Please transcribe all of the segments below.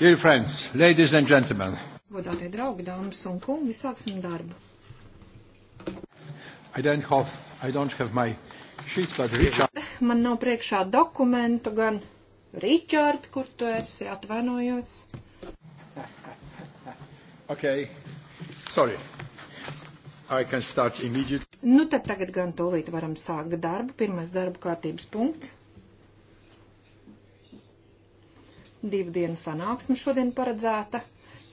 Dear friends, ladies and gentlemen. Godātie draugi, dāmas un kungi, sāksim darbu. I don't have, I don't have my sheets, but Richard. Man nav priekšā dokumentu gan. Richard, kur tu esi? Atvainojos. ok, sorry. I can start immediately. Nu tad tagad gan tūlīt varam sākt darbu. Pirmais darba kārtības punkts. divu dienu sanāksme šodien paredzēta.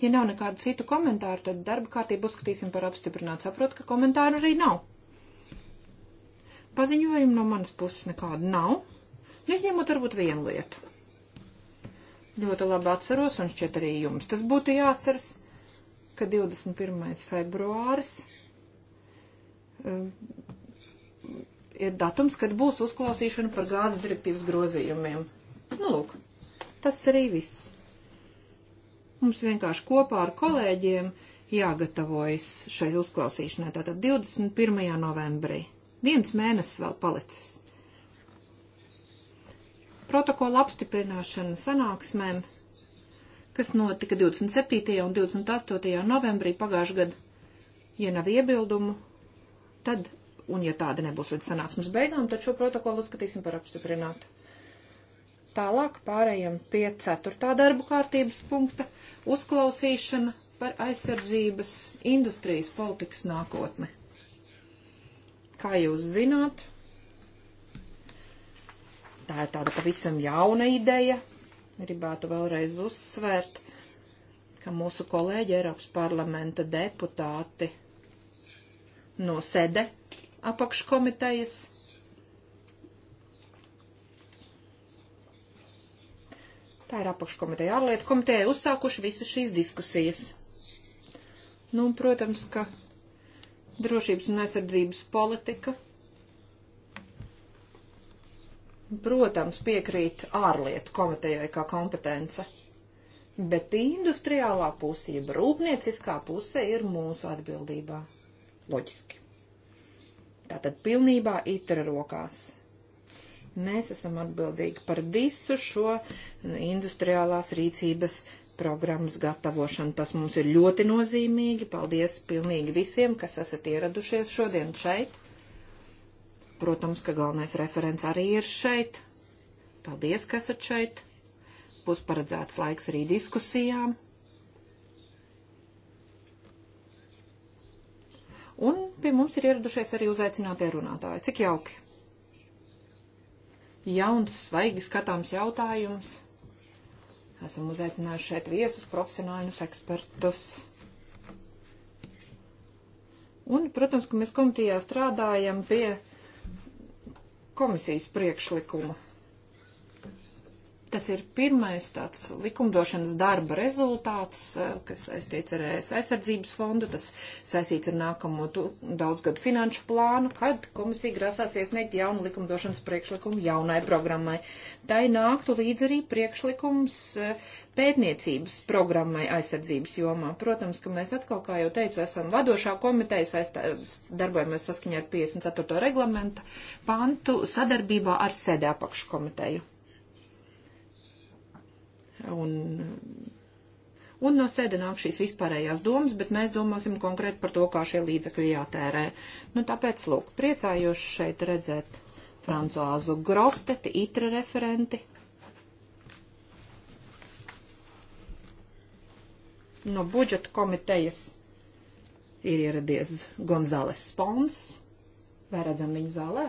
Ja nav nekādu citu komentāru, tad darba kārtību uzskatīsim par apstiprinātu. Saprotu, ka komentāru arī nav. Paziņojumu no manas puses nekādu nav, izņemot nu, varbūt vienu lietu. Ļoti labi atceros, un šķiet arī jums tas būtu jāatceras, ka 21. februāris um, ir datums, kad būs uzklausīšana par gāzes direktīvas grozījumiem. Nu, lūk. Tas arī viss. Mums vienkārši kopā ar kolēģiem jāgatavojas šai uzklausīšanai, tātad 21. novembrī. Viens mēnesis vēl palicis. Protokola apstiprināšana sanāksmēm, kas notika 27. un 28. novembrī pagājušajā gadā, ja nav iebildumu, tad, un ja tāda nebūs līdz sanāksmes beigām, tad šo protokolu uzskatīsim par apstiprinātu. Tālāk pārējām pie ceturtā darbu kārtības punkta - uzklausīšana par aizsardzības industrijas politikas nākotni. Kā jūs zināt, tā ir tāda pavisam jauna ideja. Gribētu vēlreiz uzsvērt, ka mūsu kolēģi Eiropas parlamenta deputāti no sede apakškomitejas Tā ir apakškomiteja, ārlietu komiteja uzsākuši visas šīs diskusijas. Nu, un, protams, ka drošības un aizsardzības politika, protams, piekrīt ārlietu komitejai kā kompetence. Bet industriālā puse, jeb rūpnieciskā puse ir mūsu atbildībā. Loģiski. Tātad pilnībā itra rokās. Mēs esam atbildīgi par visu šo industriālās rīcības programmas gatavošanu. Tas mums ir ļoti nozīmīgi. Paldies pilnīgi visiem, kas esat ieradušies šodien šeit. Protams, ka galvenais referents arī ir šeit. Paldies, ka esat šeit. Būs paredzēts laiks arī diskusijām. Un pie mums ir ieradušies arī uzaicinātie runātāji. Cik jauki! jauns, svaigi skatāms jautājums. Esam uzaicinājuši šeit viesus, profesionāļus, ekspertus. Un, protams, ka mēs komitejā strādājam pie komisijas priekšlikuma Tas ir pirmais tāds likumdošanas darba rezultāts, eh, kas saistīts ar ES aizsardzības fondu, tas saistīts ar nākamo daudzgadu finanšu plānu, kad komisija grasās iesniegt jaunu likumdošanas priekšlikumu jaunai programmai. Tai nāktu līdz arī priekšlikums eh, pētniecības programmai aizsardzības jomā. Protams, ka mēs atkal, kā jau teicu, esam vadošā komiteja, saistā, darbojamies saskaņā ar 54. reglamenta pantu sadarbībā ar sēdē apakškomiteju un, un no sēde nāk šīs vispārējās domas, bet mēs domāsim konkrēti par to, kā šie līdzekļi jātērē. Nu, tāpēc, lūk, priecājos šeit redzēt Francoāzu Grosteti, itra referenti. No budžeta komitejas ir ieradies Gonzales Spons. Vai redzam viņu zālē?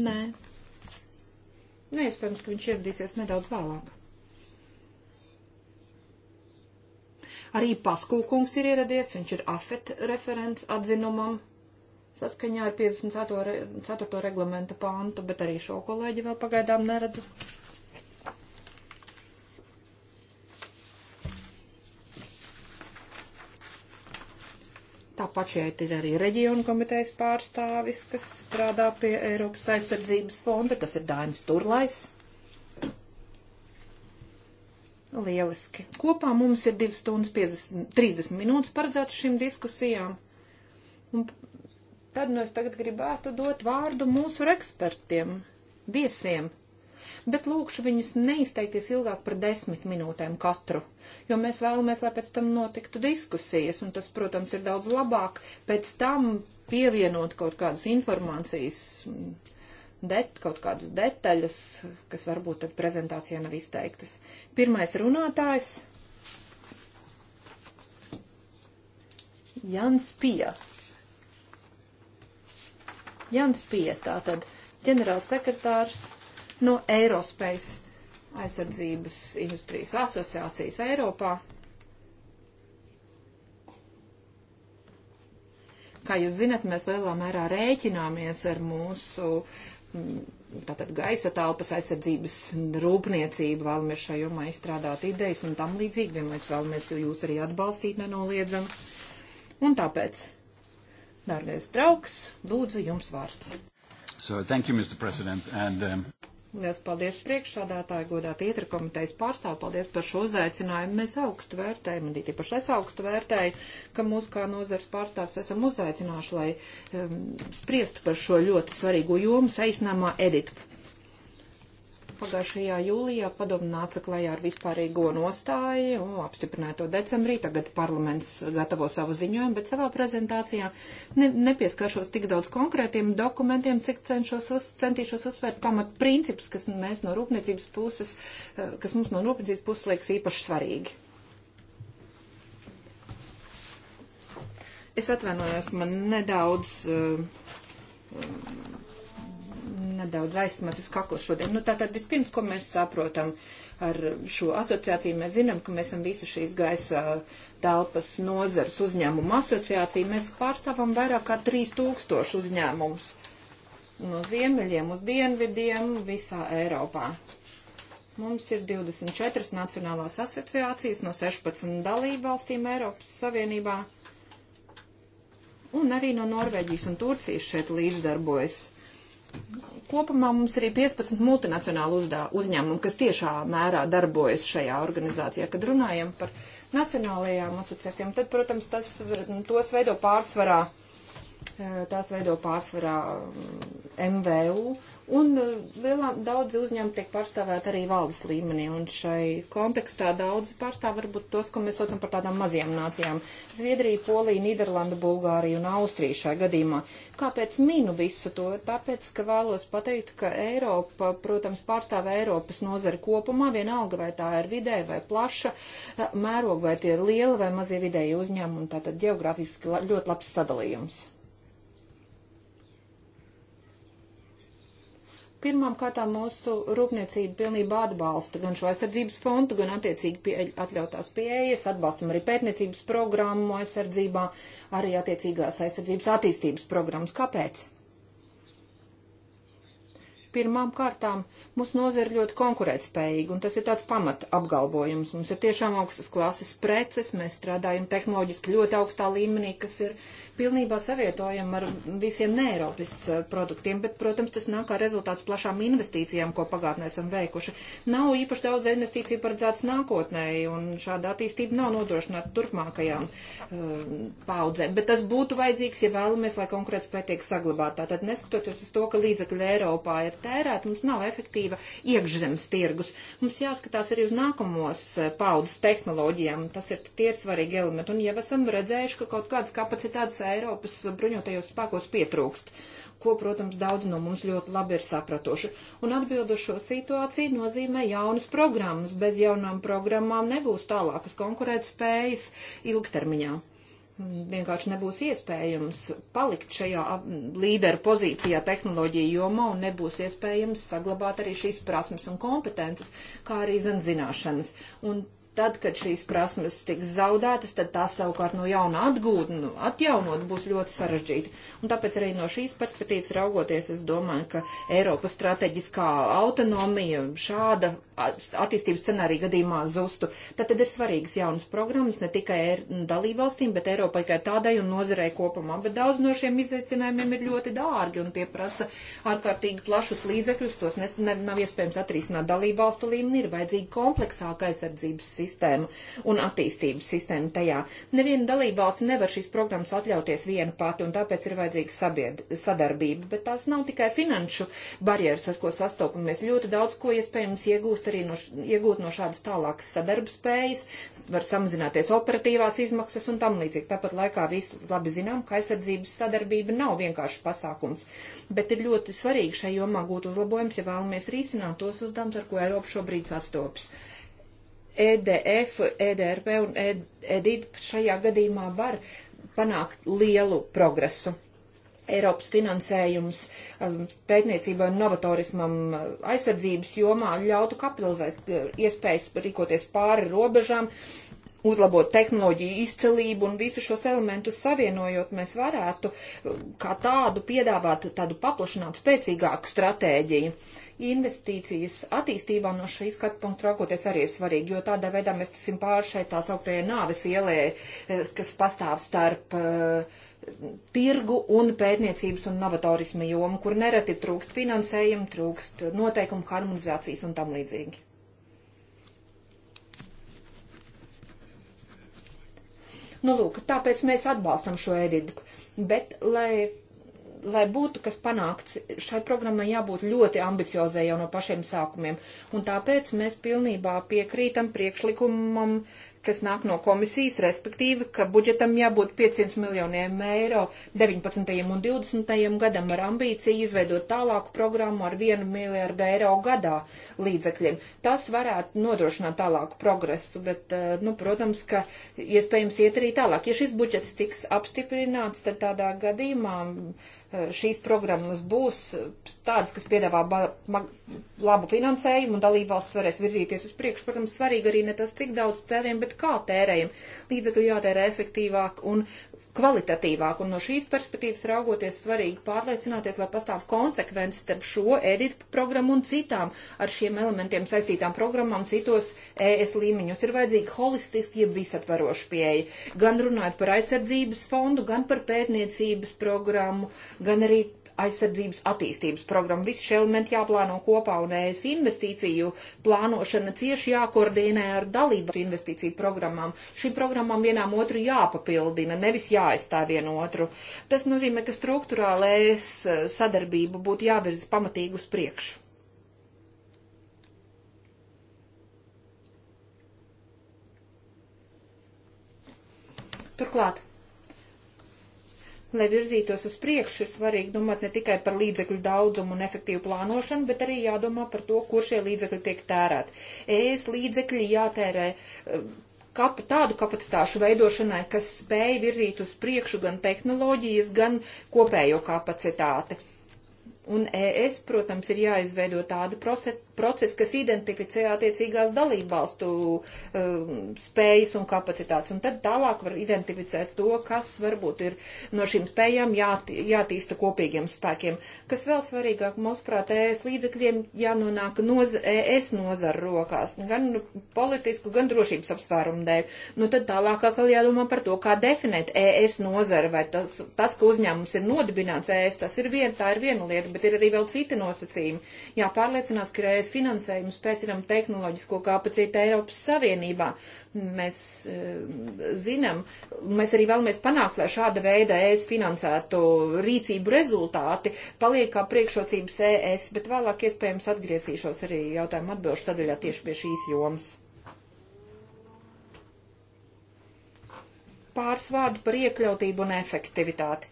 Nē, Nu, iespējams, ka viņš ieradīsies nedaudz vēlāk. Arī paskūkungs ir ieradies, viņš ir afet referents atzinumam saskaņā ar 54. Re, regulamenta pāntu, bet arī šo kolēģi vēl pagaidām neredzu. Tāpat šeit ir arī reģionu komitejas pārstāvis, kas strādā pie Eiropas aizsardzības fonda, kas ir Dainis Turlais. Lieliski. Kopā mums ir 2 stundas 50, 30 minūtes paredzētas šīm diskusijām. Un tad nu es tagad gribētu dot vārdu mūsu ekspertiem, viesiem bet lūkšu viņus neizteikties ilgāk par desmit minūtēm katru, jo mēs vēlamies, lai pēc tam notiktu diskusijas, un tas, protams, ir daudz labāk pēc tam pievienot kaut kādas informācijas, det, kaut kādas detaļas, kas varbūt tad prezentācijā nav izteiktas. Pirmais runātājs. Jans Pija. Jans Pija, tātad ģenerālsekretārs no Aerospace aizsardzības industrijas asociācijas Eiropā. Kā jūs zinat, mēs lielā mērā rēķināmies ar mūsu mm, tātad gaisa telpas aizsardzības rūpniecību, vēlamies šajā jomā izstrādāt idejas un tam līdzīgi, vienlaiks vēlamies jūs arī atbalstīt nenoliedzam. Un tāpēc, dārgais draugs, lūdzu jums vārds. So, thank you, Mr. President, and... Um... Liels paldies priekšsādātāju, godāti ietra komitejas pārstāvu, paldies par šo uzaicinājumu. Mēs augstu vērtējam, un īpaši es augstu vērtēju, ka mūs kā nozars pārstāvs esam uzaicinājuši, lai um, spriestu par šo ļoti svarīgo jomu saīsnāmā edit pagājušajā jūlijā padomu nāca klajā ar vispārīgo nostāju, apstiprināja to decembrī, tagad parlaments gatavo savu ziņojumu, bet savā prezentācijā ne, nepieskaršos tik daudz konkrētiem dokumentiem, cik cenšos uz, centīšos uzsvērt pamat principus, kas mēs no rūpniecības puses, eh, kas mums no rūpniecības puses liekas īpaši svarīgi. Es atvainojos, man nedaudz. Uh, um, nedaudz aizsmacis kakls šodien. Nu, tātad vispirms, ko mēs saprotam ar šo asociāciju, mēs zinām, ka mēs esam visi šīs gaisa telpas nozars uzņēmumu asociācija. Mēs pārstāvam vairāk kā 3000 uzņēmumus no ziemeļiem uz dienvidiem visā Eiropā. Mums ir 24 nacionālās asociācijas no 16 dalību valstīm Eiropas Savienībā un arī no Norvēģijas un Turcijas šeit līdzdarbojas kopumā mums ir 15 multinacionālu uzņēmumu, kas tiešā mērā darbojas šajā organizācijā. Kad runājam par nacionālajām asociācijām, tad, protams, tas, nu, tos veido pārsvarā, eh, tās veido pārsvarā MVU, mm, Un eh, lielā, daudzi uzņēmumi tiek pārstāvēti arī valdes līmenī, un šai kontekstā daudzi pārstāv varbūt tos, ko mēs saucam par tādām mazajām nācijām - Zviedrija, Polija, Nīderlanda, Bulgārija un Austrija šajā gadījumā. Kāpēc minu visu to? Tāpēc, ka vēlos pateikt, ka Eiropa, protams, pārstāv Eiropas nozari kopumā, vienalga vai tā ir vidē vai plaša, eh, mēroga vai tie ir liela vai mazie vidēji uzņēmumi, tātad geogrāfiski ļoti labs sadalījums. Pirmām kārtām mūsu rūpniecība pilnībā atbalsta gan šo aizsardzības fondu, gan attiecīgi pie, atļautās pieejas, atbalstam arī pētniecības programmu aizsardzībā, arī attiecīgās aizsardzības attīstības programmas. Kāpēc? pirmām kārtām mūsu nozara ir ļoti konkurētspējīga, un tas ir tāds pamata apgalvojums. Mums ir tiešām augstas klases preces, mēs strādājam tehnoloģiski ļoti augstā līmenī, kas ir pilnībā savietojam ar visiem neiropas eh, produktiem, bet, protams, tas nāk kā rezultāts plašām investīcijām, ko pagātnē esam veikuši. Nav īpaši daudz investīciju paredzēts nākotnē, un šāda attīstība nav nodrošināta turpmākajām uh, paudzēm, bet tas būtu vajadzīgs, ja vēlamies, lai konkurētspēja tiek saglabāta. Tad neskatoties uz to, ka līdzekļi Eiropā ir tērēti, mums nav efektīva iekšzemes tirgus. Mums jāskatās arī uz nākamos eh, paudzes tehnoloģijām. Tas ir tie ir svarīgi elementi. Un jau esam redzējuši, ka kaut kādas kapacitātes Eiropas bruņotajos spēkos pietrūkst, ko, protams, daudz no mums ļoti labi ir sapratuši. Un atbildušo situāciju nozīmē jaunas programmas. Bez jaunām programmām nebūs tālākas konkurētspējas ilgtermiņā. Vienkārši nebūs iespējams palikt šajā līderu pozīcijā tehnoloģiju jomā un nebūs iespējams saglabāt arī šīs prasmes un kompetences, kā arī zin zināšanas. Un Tad, kad šīs prasmes tiks zaudētas, tad tās savukārt no jauna atgūt, nu, atjaunot būs ļoti sarežģīti. Un tāpēc arī no šīs perspektīvas raugoties, es domāju, ka Eiropas strateģiskā autonomija šāda attīstības scenārija gadījumā zustu. Tad, tad ir svarīgas jaunas programmas ne tikai dalībvalstīm, bet Eiropai kā tādai un nozarei kopumā. Bet daudz no šiem izaicinājumiem ir ļoti dārgi un tie prasa ārkārtīgi plašus līdzekļus. Tos nes, ne, nav iespējams atrisināt dalībvalstu līmenī. Ir vajadzīga kompleksāka aizsardzības sistēma un attīstības sistēma tajā. Neviena dalībvalsts nevar šīs programmas atļauties viena pati un tāpēc ir vajadzīga sabied, sadarbība. Bet tās nav tikai finanšu barjeras, ar ko sastopamies. Ļoti daudz ko iespējams iegūst iegūst arī no, iegūt no šādas tālākas sadarbspējas, var samazināties operatīvās izmaksas un tam līdzīgi. Tāpat laikā visi labi zinām, ka aizsardzības sadarbība nav vienkārši pasākums, bet ir ļoti svarīgi šai jomā gūt uzlabojums, ja vēlamies risināt tos uzdevumus, ar ko Eiropa šobrīd sastopas. EDF, EDRP un EDIT e šajā gadījumā var panākt lielu progresu. Eiropas finansējums um, pētniecībā un novatorismam uh, aizsardzības jomā ļautu kapitalizēt uh, iespējas rīkoties pāri robežām, uzlabot tehnoloģiju izcelību un visu šos elementus savienojot, mēs varētu uh, kā tādu piedāvāt tādu paplašinātu, spēcīgāku stratēģiju. Investīcijas attīstībā no šī skatu punkta raugoties arī ir svarīgi, jo tādā veidā mēs tasim pāri šeit tā sauktajai nāves ielē, kas pastāv starp uh, tirgu un pētniecības un novatorisma jomu, kur nereti trūkst finansējumu, trūkst noteikumu harmonizācijas un tam līdzīgi. Nu, lūk, tāpēc mēs atbalstam šo editu, bet, lai, lai būtu kas panākts, šai programmai jābūt ļoti ambiciozai jau no pašiem sākumiem, un tāpēc mēs pilnībā piekrītam priekšlikumam kas nāk no komisijas, respektīvi, ka budžetam jābūt 500 miljoniem eiro 19. un 20. gadam ar ambīciju izveidot tālāku programmu ar 1 miljardu eiro gadā līdzekļiem. Tas varētu nodrošināt tālāku progresu, bet, eh, nu, protams, ka iespējams iet arī tālāk. Ja šis budžets tiks apstiprināts, tad tādā gadījumā Eh, šīs programmas būs tādas, kas piedāvā labu finansējumu un dalībvalsts varēs virzīties uz priekšu. Protams, svarīgi arī ne tas, cik daudz tērējam, bet kā tērējam. Līdzekļu jātērē efektīvāk un kvalitatīvāk, un no šīs perspektīvas raugoties svarīgi pārliecināties, lai pastāv konsekvences starp šo EDIP programmu un citām ar šiem elementiem saistītām programmām citos ES līmeņos. Ir vajadzīga holistiski, jeb visaptvaroša pieeja, gan runājot par aizsardzības fondu, gan par pētniecības programmu, gan arī aizsardzības attīstības programmu. Visi šie elementi jāplāno kopā un ES investīciju plānošana cieši jākoordinē ar dalību investīciju programmām. Šīm programmām vienām otru jāpapildina, nevis jāaizstāv vienu otru. Tas nozīmē, ka struktūrāli ES eh, sadarbību būtu jāvirza pamatīgi uz priekšu. Turklāt Lai virzītos uz priekšu, ir svarīgi domāt ne tikai par līdzekļu daudzumu un efektīvu plānošanu, bet arī jādomā par to, kur šie līdzekļi tiek tērēti. ES līdzekļi jātērē eh, kap, tādu kapacitāšu veidošanai, kas spēj virzīt uz priekšu gan tehnoloģijas, gan kopējo kapacitāti. Un ES, protams, ir jāizveido tāda process, kas identificē attiecīgās dalībvalstu um, spējas un kapacitātes. Un tad tālāk var identificēt to, kas varbūt ir no šīm spējām jāt, jātīsta kopīgiem spēkiem. Kas vēl svarīgāk, mūsuprāt, ES līdzekļiem jānonāk noz, ES nozara rokās, gan politisku, gan drošības apsvērumu dēļ. Nu tad tālāk atkal jādomā par to, kā definēt ES nozara, vai tas, tas ka uzņēmums ir nodibināts ES, tas ir viena, tā ir viena lieta, bet ir arī vēl citi nosacījumi. Jāpārliecinās, ka ES mēs finansējumu spēcinām tehnoloģisko kapacitāti Eiropas Savienībā. Mēs eh, zinām, mēs arī vēlamies panākt, lai šāda veida ES finansētu rīcību rezultāti paliek kā priekšrocības ES, bet vēlāk iespējams atgriezīšos arī jautājumu atbilšu sadaļā tieši pie šīs jomas. Pāris vārdu par iekļautību un efektivitāti.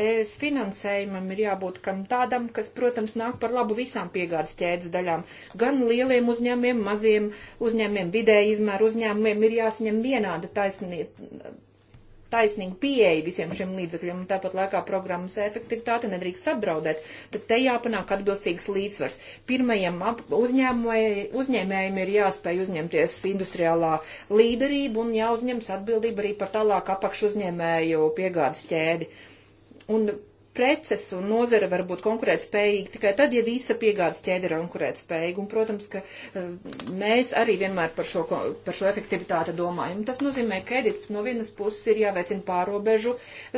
ES finansējumam ir jābūt kam tādam, kas, protams, nāk par labu visām piegādes ķēdes daļām. Gan lieliem uzņēmiem, maziem uzņēmiem, vidēji izmēru uzņēmumiem ir jāsaņem vienāda taisnība taisnīgu pieeju visiem šiem līdzekļiem, un tāpat laikā programmas efektivitāte nedrīkst apdraudēt, tad te jāpanāk atbilstīgs līdzsvars. Pirmajam uzņēmējiem ir jāspēj uzņemties industriālā līderība un jāuzņems atbildība arī par tālāk apakšu uzņēmēju piegādes ķēdi. Uh, Un preces un nozara var būt konkurētspējīga tikai tad, ja visa piegādes ķēde ir konkurētspējīga. Un, protams, ka eh, mēs arī vienmēr par šo, par šo efektivitāti domājam. Tas nozīmē, ka edit no vienas puses ir jāveicina pārobežu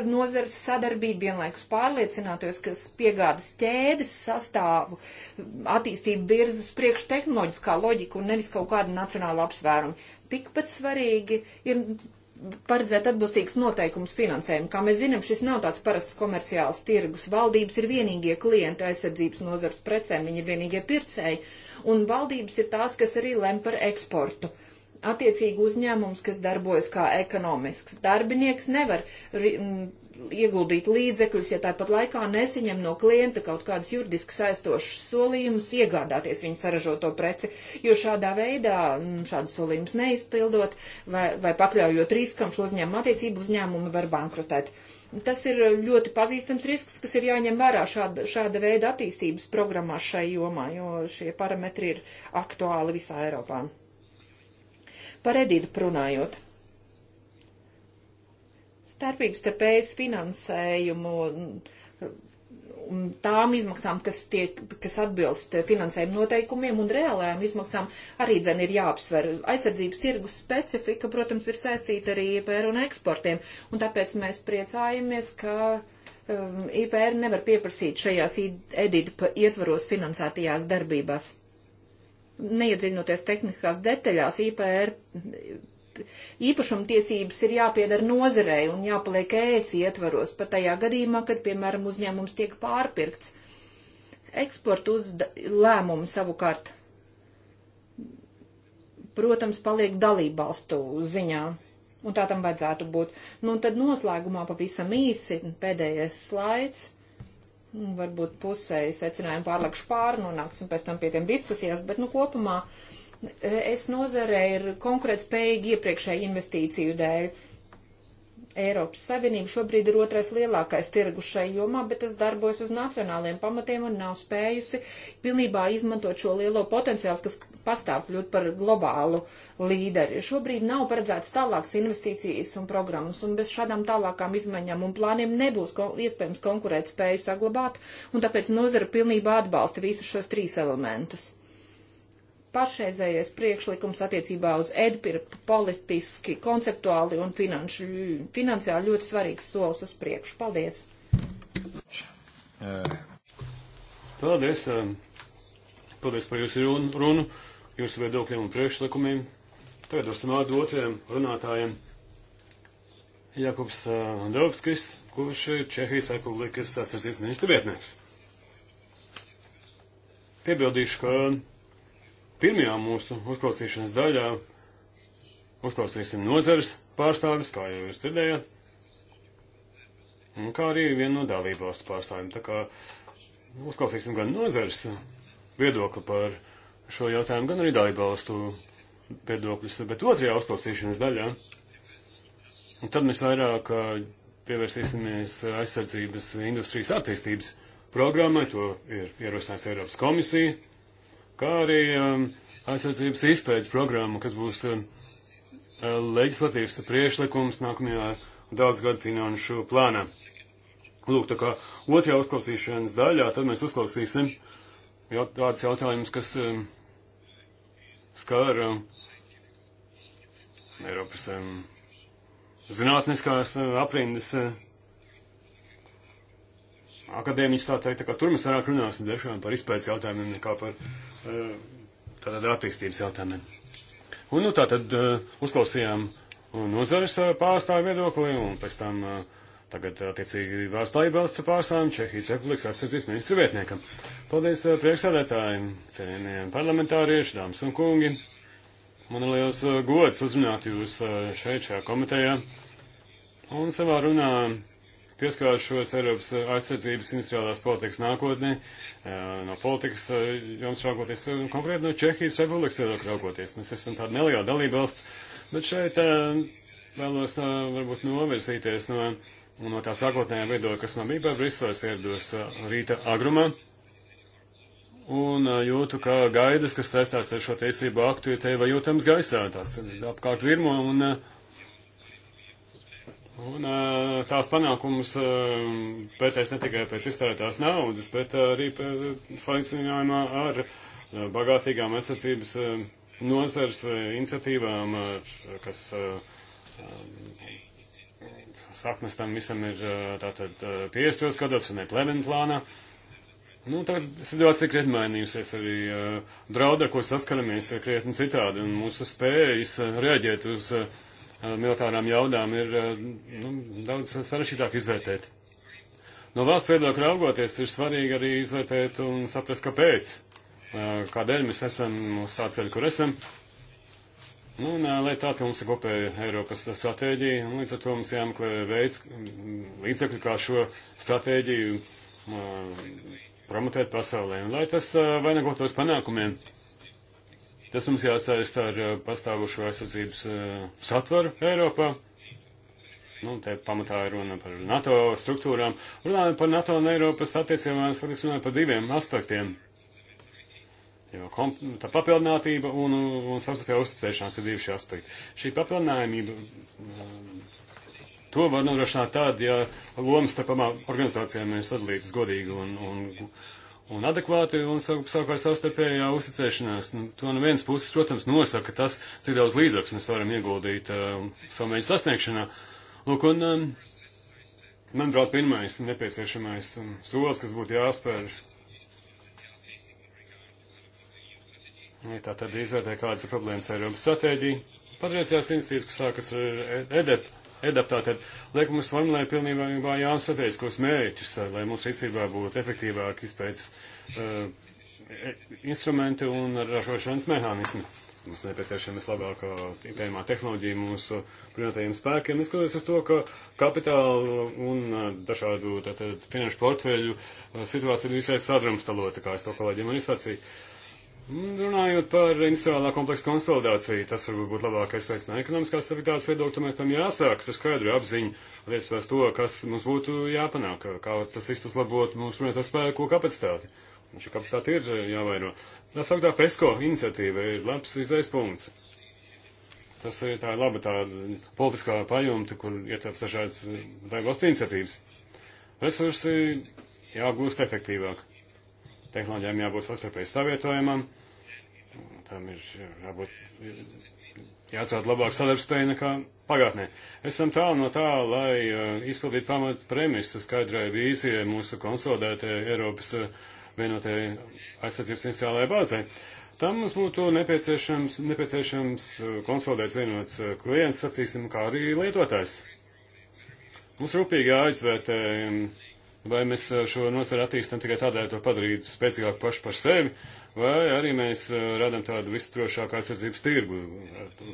nozares sadarbība, vienlaikus pārliecināties, ka piegādes ķēdes sastāvu attīstību virz uz priekšu tehnoloģiskā loģika un nevis kaut kāda nacionāla apsvēruma. Tikpat svarīgi ir paredzēt atbilstīgs noteikums finansējumu. Kā mēs zinām, šis nav tāds parasts komerciāls tirgus. Valdības ir vienīgie klienti aizsardzības nozars precēm, viņi ir vienīgie pircēji, un valdības ir tās, kas arī lem par eksportu. Attiecīgi uzņēmums, kas darbojas kā ekonomisks darbinieks, nevar ieguldīt līdzekļus, ja tāpat laikā nesaņem no klienta kaut kādus juridiski saistošus solījumus iegādāties viņu saražoto preci, jo šādā veidā mm, šādus solījumus neizpildot vai, vai pakļaujot riskam šo uzņēmumu attiecību uzņēmumi var bankrotēt. Tas ir ļoti pazīstams risks, kas ir jāņem vērā šāda, šāda veida attīstības programmā šai jomā, jo šie parametri ir aktuāli visā Eiropā. Par edīdu runājot starpības starp ES finansējumu un tām izmaksām, kas, tiek, kas atbilst finansējuma noteikumiem un reālajām izmaksām, arī dzen ir jāapsver. Aizsardzības tirgus specifika, protams, ir saistīta arī IPR un eksportiem, un tāpēc mēs priecājamies, ka um, IPR nevar pieprasīt šajās edit ietvaros finansētajās darbībās. Neiedziļinoties tehniskās detaļās, IPR īpašumtiesības ir jāpiedara nozarei un jāpaliek ēs ietvaros, pat tajā gadījumā, kad, piemēram, uzņēmums tiek pārpirkts. Eksporta lēmumu savukārt, protams, paliek dalībvalstu ziņā. Un tā tam vajadzētu būt. Nu, un tad noslēgumā pavisam īsi pēdējais slaids. Nu, varbūt pusēji secinājumu pārlakšu pāri, nonāksim pēc tam pie tiem diskusijās, bet, nu, kopumā uh, es nozare ir konkurētspējīgi iepriekšēju investīciju dēļ. Eiropas Savienība šobrīd ir otrais lielākais tirgus šai jomā, bet tas darbojas uz nacionāliem pamatiem un nav spējusi pilnībā izmantot šo lielo potenciālu, kas pastāv kļūt par globālu līderi. Šobrīd nav paredzēts tālākas investīcijas un programmas, un bez šādām tālākām izmaiņām un plāniem nebūs ko, iespējams konkurēt spēju saglabāt, un tāpēc nozara pilnībā atbalsta visus šos trīs elementus pašreizējais priekšlikums attiecībā uz EDP ir politiski, konceptuāli un finanšu, finansiāli ļoti svarīgs solis uz priekšu. Paldies! Paldies! Paldies par jūsu runu, runu jūsu viedokļiem un priekšlikumiem. Tagad dosim vārdu otriem runātājiem. Jakobs Androvskis, kurš ir Čehijas Republikas atsardzības ministra vietnieks. Piebildīšu, ka Pirmajā mūsu uzklausīšanas daļā uzklausīsim nozares pārstāvis, kā jau jūs dzirdējāt, un kā arī vienu no dalību valstu pārstāvjiem. Tā kā uzklausīsim gan nozares viedokli par šo jautājumu, gan arī dalību valstu viedokļus, bet otrajā uzklausīšanas daļā, un tad mēs vairāk pievērsīsimies aizsardzības industrijas attīstības programmai, to ir ierosinājusi Eiropas komisija kā arī um, aizsardzības izpējas programmu, kas būs um, uh, leģislatīvs priešlikums nākamajā daudzgadu finanšu plānā. Lūk, tā kā otrajā uzklausīšanas daļā, tad mēs uzklausīsim jaut tādus jautājumus, kas um, skar um, Eiropas um, zinātniskās uh, aprindas. Uh, akadēmiķus, tā teikt, tā kā tur mēs vairāk runāsim tiešām par izpētes jautājumiem nekā par eh, tātad attīstības jautājumiem. Un, nu, tātad eh, uzklausījām nozares eh, pārstāvu viedokli un pēc tam tagad, attiecīgi, vārstāju balsts pārstāvjiem Čehijas Republikas atsardzības ministru vietniekam. Paldies priekšsēdētājiem, cienījumiem parlamentārieši, dāmas un kungi. Man ir liels gods uzrunāt jūs šeit, šajā komitejā. Un savā runā pieskāršos Eiropas eh, aizsardzības industriālās politikas nākotnē, eh, no politikas eh, jums raugoties, konkrēti no Čehijas republikas viedokļa raugoties. Mēs esam tāda neliela dalībvalsts, bet šeit vēlos varbūt novirzīties no, no tā sākotnējā viedokļa, kas man bija Briselēs ierados rīta agrumā. Un jūtu, ka gaidas, kas saistās ar šo tiesību aktu, ir tev jūtams gaisā, tās apkārt virmo un uh, Un tās panākumus pētēs ne tikai pēc iztērētās naudas, bet arī salīdzinājumā ar bagātīgām aizsardzības nozars iniciatīvām, kas saknes tam visam ir tātad 50 gados un ir Lenin plānā. Nu, tā situācija ir krietni mainījusies arī draudi, ar ko saskaramies, ir krietni citādi, un mūsu spējas reaģēt uz uh, Eh, militārām jaudām ir eh, nu, daudz sarežģītāk izvērtēt. No valsts viedokļa raugoties, ir svarīgi arī izvērtēt un saprast, kāpēc, eh, kādēļ mēs esam uz tā ceļa, kur esam. Nu, un, lai tā, ka mums ir kopēja Eiropas stratēģija, un līdz ar to mums jāmeklē veids, mm, līdzekļi, kā šo stratēģiju promotēt pasaulē, un lai tas vainagotos panākumiem. Tas mums jāsaist ar eh, pastāvošo aizsardzības eh, satvaru Eiropā. Nu, te pamatā ir runa par NATO struktūrām. Runājot par NATO un Eiropas attiecībām, mēs faktiski runājam par diviem aspektiem. Jo komp, nu, tā papildinātība un, un savstarpējā uzticēšanās ir divi šie aspekti. Šī papildinājumība, to var nodrošināt tad, ja lomas starp organizācijām ir sadalītas godīgi un, un un adekvāti un savukārt savstarpējā uzticēšanās. Nu, to no nu vienas puses, protams, nosaka tas, cik daudz līdzekļus mēs varam ieguldīt uh, savu mēģinājumu sasniegšanā. Lūk, un, um, manuprāt, pirmais nepieciešamais um, solis, kas būtu jāspēr. Ja tā tad izvērtē, kādas ir problēmas ar Eiropas stratēģiju. Patreizējās institīvas, kas sākas ar EDEP, e adaptā, tad liek mums formulēt pilnībā jaunas strateģiskos mērķus, lai mūsu rīcībā būtu efektīvāk izpēc uh, e, instrumenti un ražošanas mehānismi. Mums nepieciešama vislabākā pieejamā tehnoloģija mūsu bruņotajiem spēkiem, neskatoties uz to, ka kapitāla un uh, dažādu tātad, finanšu portfeļu uh, situācija ir visai sadrumstalota, kā es to kolēģiem arī sacīju. Uh, Runājot par industriālā kompleksa konsolidāciju, tas varbūt būtu labākais veids no ekonomiskās stabilitātes viedokļa, tomēr tam jāsākas ar skaidru apziņu attiecībā uz to, kas mums būtu jāpanāk, kā tas viss uzlabot mūsu runāto spēku kapacitāti. Šī kapacitāte ir jāvairo. Tā sauktā PESCO iniciatīva ir labs izais punkts. Tas ir tā laba tā politiskā pajumta, kur ietver sažādas daļvalstu iniciatīvas. Resursi jāgūst efektīvāk tehnoloģijām jābūt sastarpēji savietojamam, tam ir jābūt jāsāda labāk sadarbspēja nekā pagātnē. Esam tālu no tā, lai uh, izpildītu pamatu premisu skaidrai vīzijai mūsu konsolidētajai Eiropas uh, vienotajai aizsardzības institucionālajai bāzai. Tam mums būtu nepieciešams, nepieciešams uh, konsolidēts vienots klients, sacīsim, kā arī lietotājs. Mums rūpīgi jāizvērtē um, Vai mēs eh, šo nozaru attīstam tikai tādēļ, lai to padarītu spēcīgāku pašu par sevi, vai arī mēs eh, radām tādu visdrošāku aizsardzības tirgu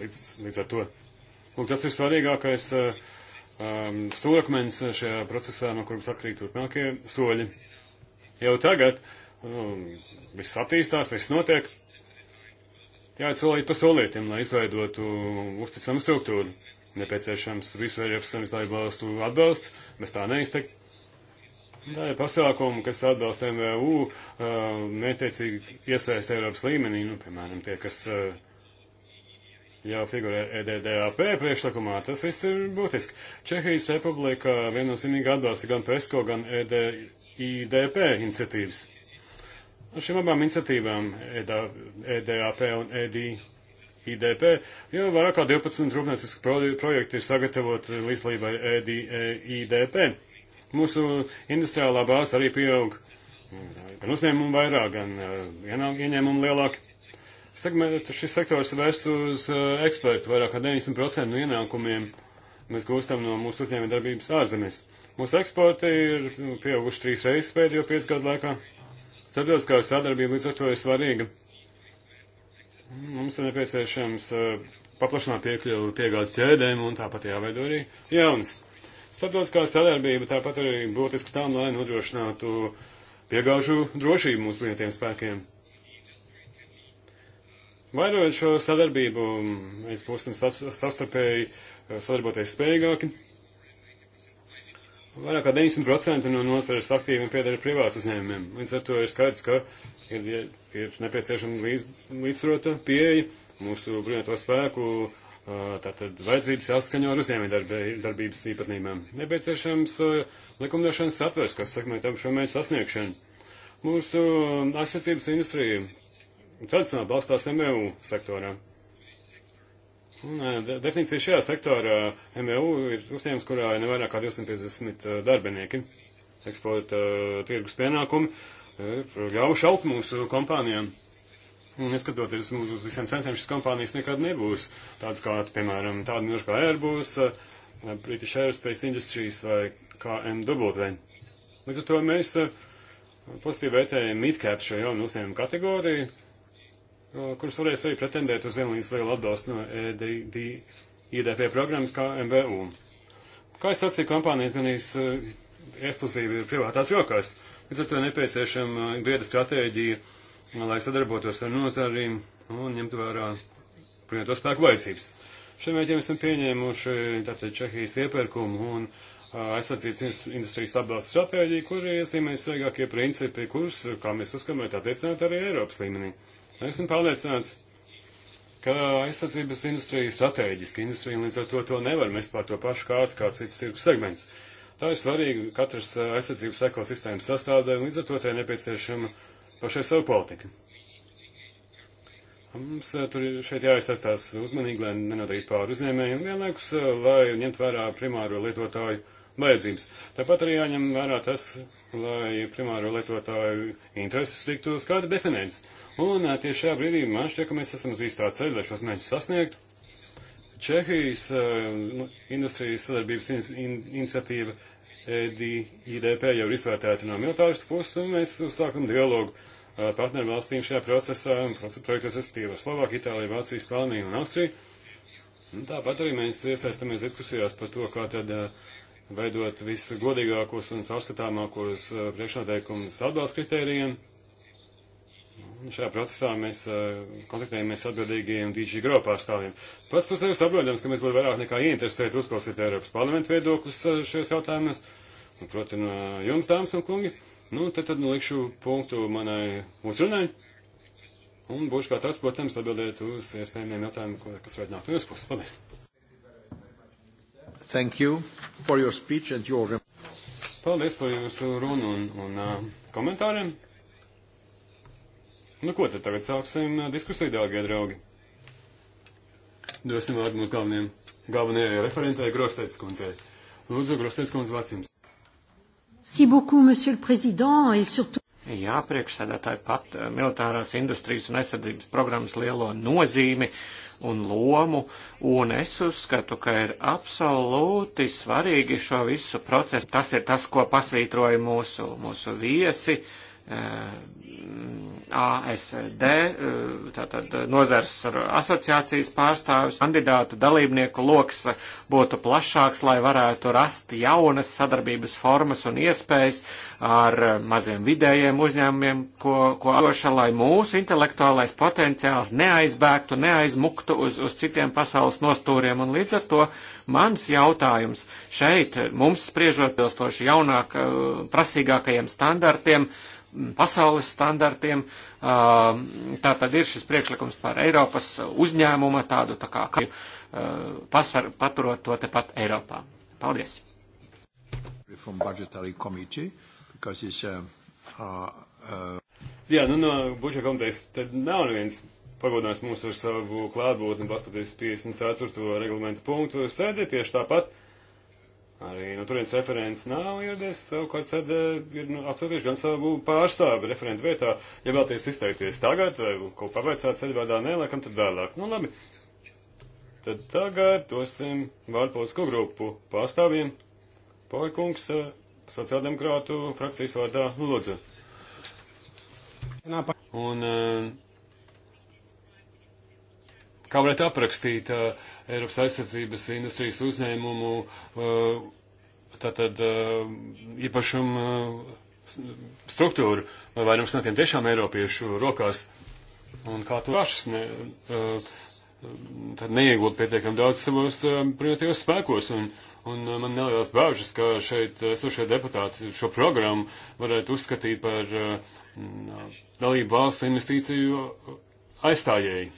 līdz, līdz ar to. Lūk, tas ir svarīgākais eh, um, stūrakmens šajā procesā, no kuras atkrīt turpmākie soļi. Jau tagad nu, viss attīstās, viss notiek. Jāiet solīt pa solītiem, lai izveidotu uzticamu struktūru. Nepieciešams visu Eiropas Savienības valstu atbalsts, bez tā neizteikt Nē, pasākumu, kas atbalsta MVU, mētiecīgi iesaist Eiropas līmenī, nu, piemēram, tie, kas jau figurē EDDAP priekšlikumā, tas viss ir būtiski. Čehijas republika viennozīmīgi atbalsta gan PESCO, gan EDIDP iniciatīvas. Ar šīm abām iniciatīvām EDAP e un EDIDP jau vairāk kā 12 rūpnieciski projekti ir sagatavoti līdzlībai EDIDP. Mūsu industriālā bāze arī pieaug. Gan uzņēmumu vairāk, gan uh, ieņēmumu lielāk. Segment, šis sektors vērst uz uh, eh, eksportu. Vairāk kā 90% no ienākumiem mēs gūstam no mūsu uzņēmuma darbības ārzemēs. Mūsu eksporti ir nu, pieauguši trīs reizes pēdējo piecu gadu laikā. Starptautiskā sadarbība līdz ar to ir svarīga. Mums ir nepieciešams uh, paplašināt piekļuvi piegādes ķēdēm un tāpat jāveido arī jaunas Starptautiskā sadarbība tāpat arī būtisks tam, lai nodrošinātu piegāžu drošību mūsu vietiem spēkiem. Vairojot šo sadarbību, mēs būsim savstarpēji eh, sadarboties spējīgāki. Vairāk kā 90% no nozares aktīviem piedara privātu uzņēmumiem. Līdz ar to ir skaidrs, ka ir, ir nepieciešama līdz, līdzsvarota pieeja mūsu bruņoto spēku Tātad vajadzības jāskaņo ar uzņēmējdarbības īpatnībām. Nepieciešams likumdošanas satvers, kas sekmē tam šo mērķu sasniegšanu. Mūsu aizsardzības industrija tradicionāli balstās MEU sektorā. Un, de definīcija šajā sektorā MEU ir uzņēmums, kurā ir nevairāk kā 250 darbinieki. Eksporta tirgus pienākumi ir ļauši augt mūsu kompānijām. Neskatoties uz visiem centiem, šīs kompānijas nekad nebūs tādas kā, piemēram, tāda milzīga kā Airbus, eh, British Aerospace Industries vai KMW. Līdz ar to mēs eh, pozitīvi vērtējam midcap šo jaunu uzņēmumu kategoriju, eh, kurus varēs arī pretendēt uz vienlīdz lielu atbalstu no EDD, IDP programmas kā MVU. Kā es sacīju, kompānijas ganīs ekskluzīvi ir privātās rokās, līdz ar to nepieciešama vieda stratēģija Nu, lai sadarbotos ar nozarīm un ņemtu vērā bruņoto spēku vajadzības. Šiem mēķiem esam pieņēmuši tātad Čehijas iepirkumu un aizsardzības industrijas atbalsta stratēģiju, kur ir iezīmēti svarīgākie principi, kurus, kā mēs uzskatām, ir attiecināt arī Eiropas līmenī. Esmu pārliecināts, ka aizsardzības industrija ir strateģiska industrija, un līdz ar to to nevar mest pār to pašu kārtu kā cits tirgus segments. Tā ir svarīga katras aizsardzības ekosistēmas sastāvdaļa, un līdz ar to tai nepieciešama uh, pašai savu politiku. Mums eh, tur šeit jāizsastās uzmanīgi, lai nenodarītu pāri uzņēmējiem vienlaikus, eh, lai ņemt vērā primāro lietotāju vajadzības. Tāpat arī jāņem vērā tas, lai primāro lietotāju intereses tiktu skaidri definēts. Un eh, tieši šajā brīdī man šķiet, ka mēs esam uz īstā ceļa, lai šos mērķus sasniegtu. Čehijas uh, industrijas sadarbības in in iniciatīva E IDP jau ir izvērtēti no militāristu puses, un mēs uzsākam dialogu partnervalstīm šajā procesā, un procesa projektos esmu Slovākija, Itālija, Vācija, Spānija un Austrija. Un tāpat arī mēs iesaistamies diskusijās par to, kā tad e, veidot visgodīgākos un saskatāmākos e, priekšnoteikumus atbalsta kritērijiem. Un šajā procesā mēs kontaktējamies atbildīgajiem DG Grow pārstāvjiem. Pats par sevi saprotams, ka mēs būtu vairāk nekā ieinteresēti uzklausīt Eiropas parlamentu viedoklis šajos jautājumos. Un, protams, jums, dāmas un kungi, nu, tad, tad likšu punktu manai uzrunai. Un būšu kā tas, protams, atbildēt uz iespējamiem jautājumiem, kas varētu nākt no jūsu puses. Paldies! Thank you for your speech and your... Paldies par jūsu runu un, un uh, komentāriem. Nu, ko tad tagad sāksim diskusiju, dārgie draugi? Dosim vārdu mūsu galvenajiem, galvenajai referentai Grosteitas kundzei. Lūdzu, Grosteitas kundze, vārds jums. Si beaucoup, monsieur le président, et surtout. Jā, priekšsēdētāji pat eh, militārās industrijas un aizsardzības programmas lielo nozīmi un lomu, un es uzskatu, ka ir absolūti svarīgi šo visu procesu. Tas ir tas, ko pasvītroja mūsu, mūsu viesi. Uh, ASD, tātad nozars asociācijas pārstāvis, kandidātu dalībnieku loks būtu plašāks, lai varētu rast jaunas sadarbības formas un iespējas ar maziem vidējiem uzņēmumiem, ko, ko agoša, lai mūsu intelektuālais potenciāls neaizbēgtu, neaizmuktu uz, uz citiem pasaules nostūriem. Un līdz ar to mans jautājums šeit, mums spriežot pilstoši jaunāk, prasīgākajiem standartiem, uh, pasaules standartiem. Tā tad ir šis priekšlikums par Eiropas uzņēmuma tādu tā kā, kā pasar, paturot to tepat Eiropā. Paldies! Jā, nu no budžeta komitejas tad nav neviens pagodinājis mūs ar savu klātbūtni, paskatoties 54. reglamentu punktu sēdē tieši tāpat. Arī no turienes referents nav ieradies, savukārt tad eh, ir nu, atsūtījuši gan savu pārstāvu referentu vietā. Ja vēlaties izteikties tagad vai ko pavaicāt ceļvadā, nē, laikam tad vēlāk. Nu labi. Tad tagad dosim vārpolitisko grupu pārstāvjiem. Pārkungs, eh, sociāldemokrātu frakcijas vārdā, nu lūdzu. Un, uh, Kā varētu aprakstīt uh, Eiropas aizsardzības industrijas uzņēmumu uh, tātad uh, īpašumu uh, struktūru, vai vairums no tiem tiešām Eiropiešu rokās, un kā to pašas ne, uh, tad neiegūt pietiekam daudz savos uh, bruņotajos spēkos, un, un uh, man nelielas bāžas, ka šeit esošie deputāti šo programmu varētu uzskatīt par uh, dalību valstu investīciju aizstājēju.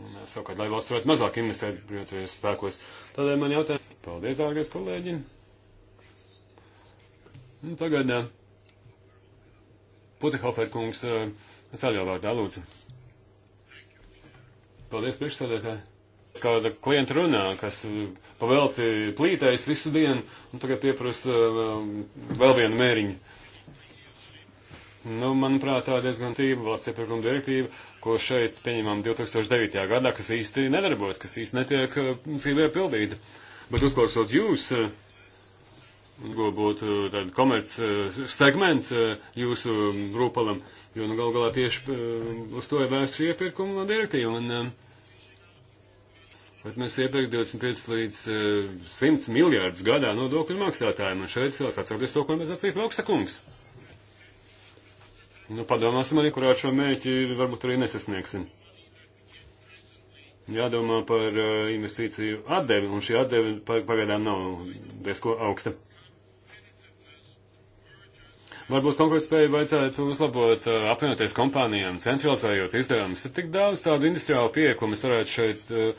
Un, eh, savukārt, lai valsts varētu mazāk investēt bruņotajos spēkos. Tādēļ man jautā, paldies, dārgais kolēģi. Un nu, tagad eh, Putehofer kungs, saļā eh, vārdā, lūdzu. Paldies, priekšsēdētāji. Kāda klienta runā, kas pavelti plītējas visu dienu, un tagad pieprasa vēl vienu mēriņu. Nu, manuprāt, tā diezgan tīva valsts iepirkuma direktīva ko šeit pieņemam 2009. gadā, kas īsti nedarbojas, kas īsti netiek eh, dzīvē pildīta. Bet uzklausot jūs, ko būtu tāds komerc eh, segments eh, jūsu rūpalam, jo nu gal galā tieši uz to ir vērsts šī iepirkuma direktīva. Un, Bet mēs iepērk 25 līdz 100 miljārdus gadā nodokļu maksātājiem, un šeit sāks atsaukties to, ko mēs atsīk Vauksakungs. kungs. Nu, padomāsim arī, kurā ar šo mērķi varbūt arī nesasniegsim. Jādomā par uh, investīciju atdevi, un šī atdevi pagaidām nav diezko augsta. Varbūt konkurētspēju vajadzētu uzlabot uh, apvienoties kompānijām, centralizējot izdevumus. Ir tik daudz tādu industriālu pieeju, ko mēs varētu šeit uh,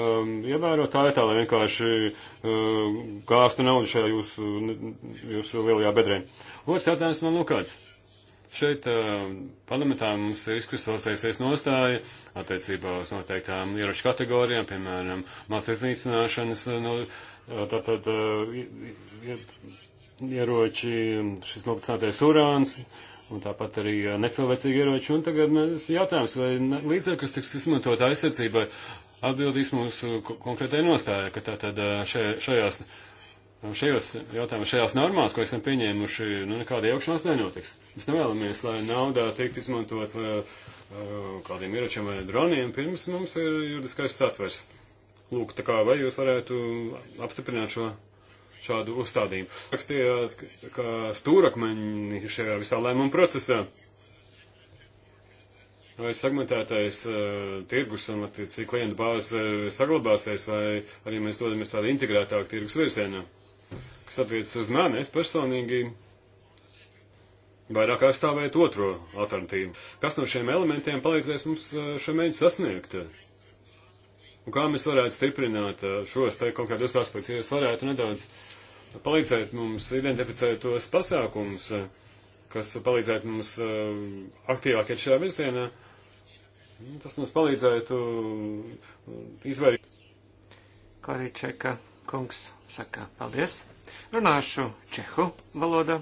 um, ievērot tā vietā, lai vienkārši um, gāstu naudu šajā jūsu, jūsu lielajā bedrē. Otrs jautājums man lūkāts. Nu Šeit ehm, parlamentā mums ir izkristalizējusies nostāja attiecībā uz noteiktām ieroču kategorijām, piemēram, mākslas iznīcināšanas, eh, no, eh, tātad eh, ieroči, šis nopacinātais urāns, un tāpat arī necilvēcīgi ieroči. Un tagad mēs jautājums, vai līdzekļi, kas tiks izmantot aizsardzībai, atbildīs mūsu konkrētai nostāja, ka tātad šajās Un šajos jautājumos, šajās normās, ko esam pieņēmuši, nu, nekāda iejaukšanās nenotiks. Mēs nevēlamies, lai naudā tiek izmantot vai, uh, uh, kādiem ieročiem vai droniem, pirms mums ir juridiskais satvers. Lūk, tā kā vai jūs varētu apstiprināt šo šādu uzstādījumu. Rakstījāt, ka stūrakmeņi šajā visā lēmuma procesā vai segmentētais uh, tirgus un attiecīgi klientu bāze saglabāsies, vai arī mēs dodamies tādā integrētāku tirgus virzienā. Kas attiecas uz mani, es personīgi vairāk aizstāvētu otro alternatīvu. Kas no šiem elementiem palīdzēs mums eh, šo mēģinājumu sasniegt? Un kā mēs varētu stiprināt eh, šos te kaut kādus aspektus, ja jūs varētu nedaudz palīdzēt mums identificēt tos pasākumus, eh, kas palīdzētu mums aktīvāk iet šajā virzienā, nu, tas mums palīdzētu izvairīt. Korīčeka kungs saka paldies. Runāšu čehu valodā.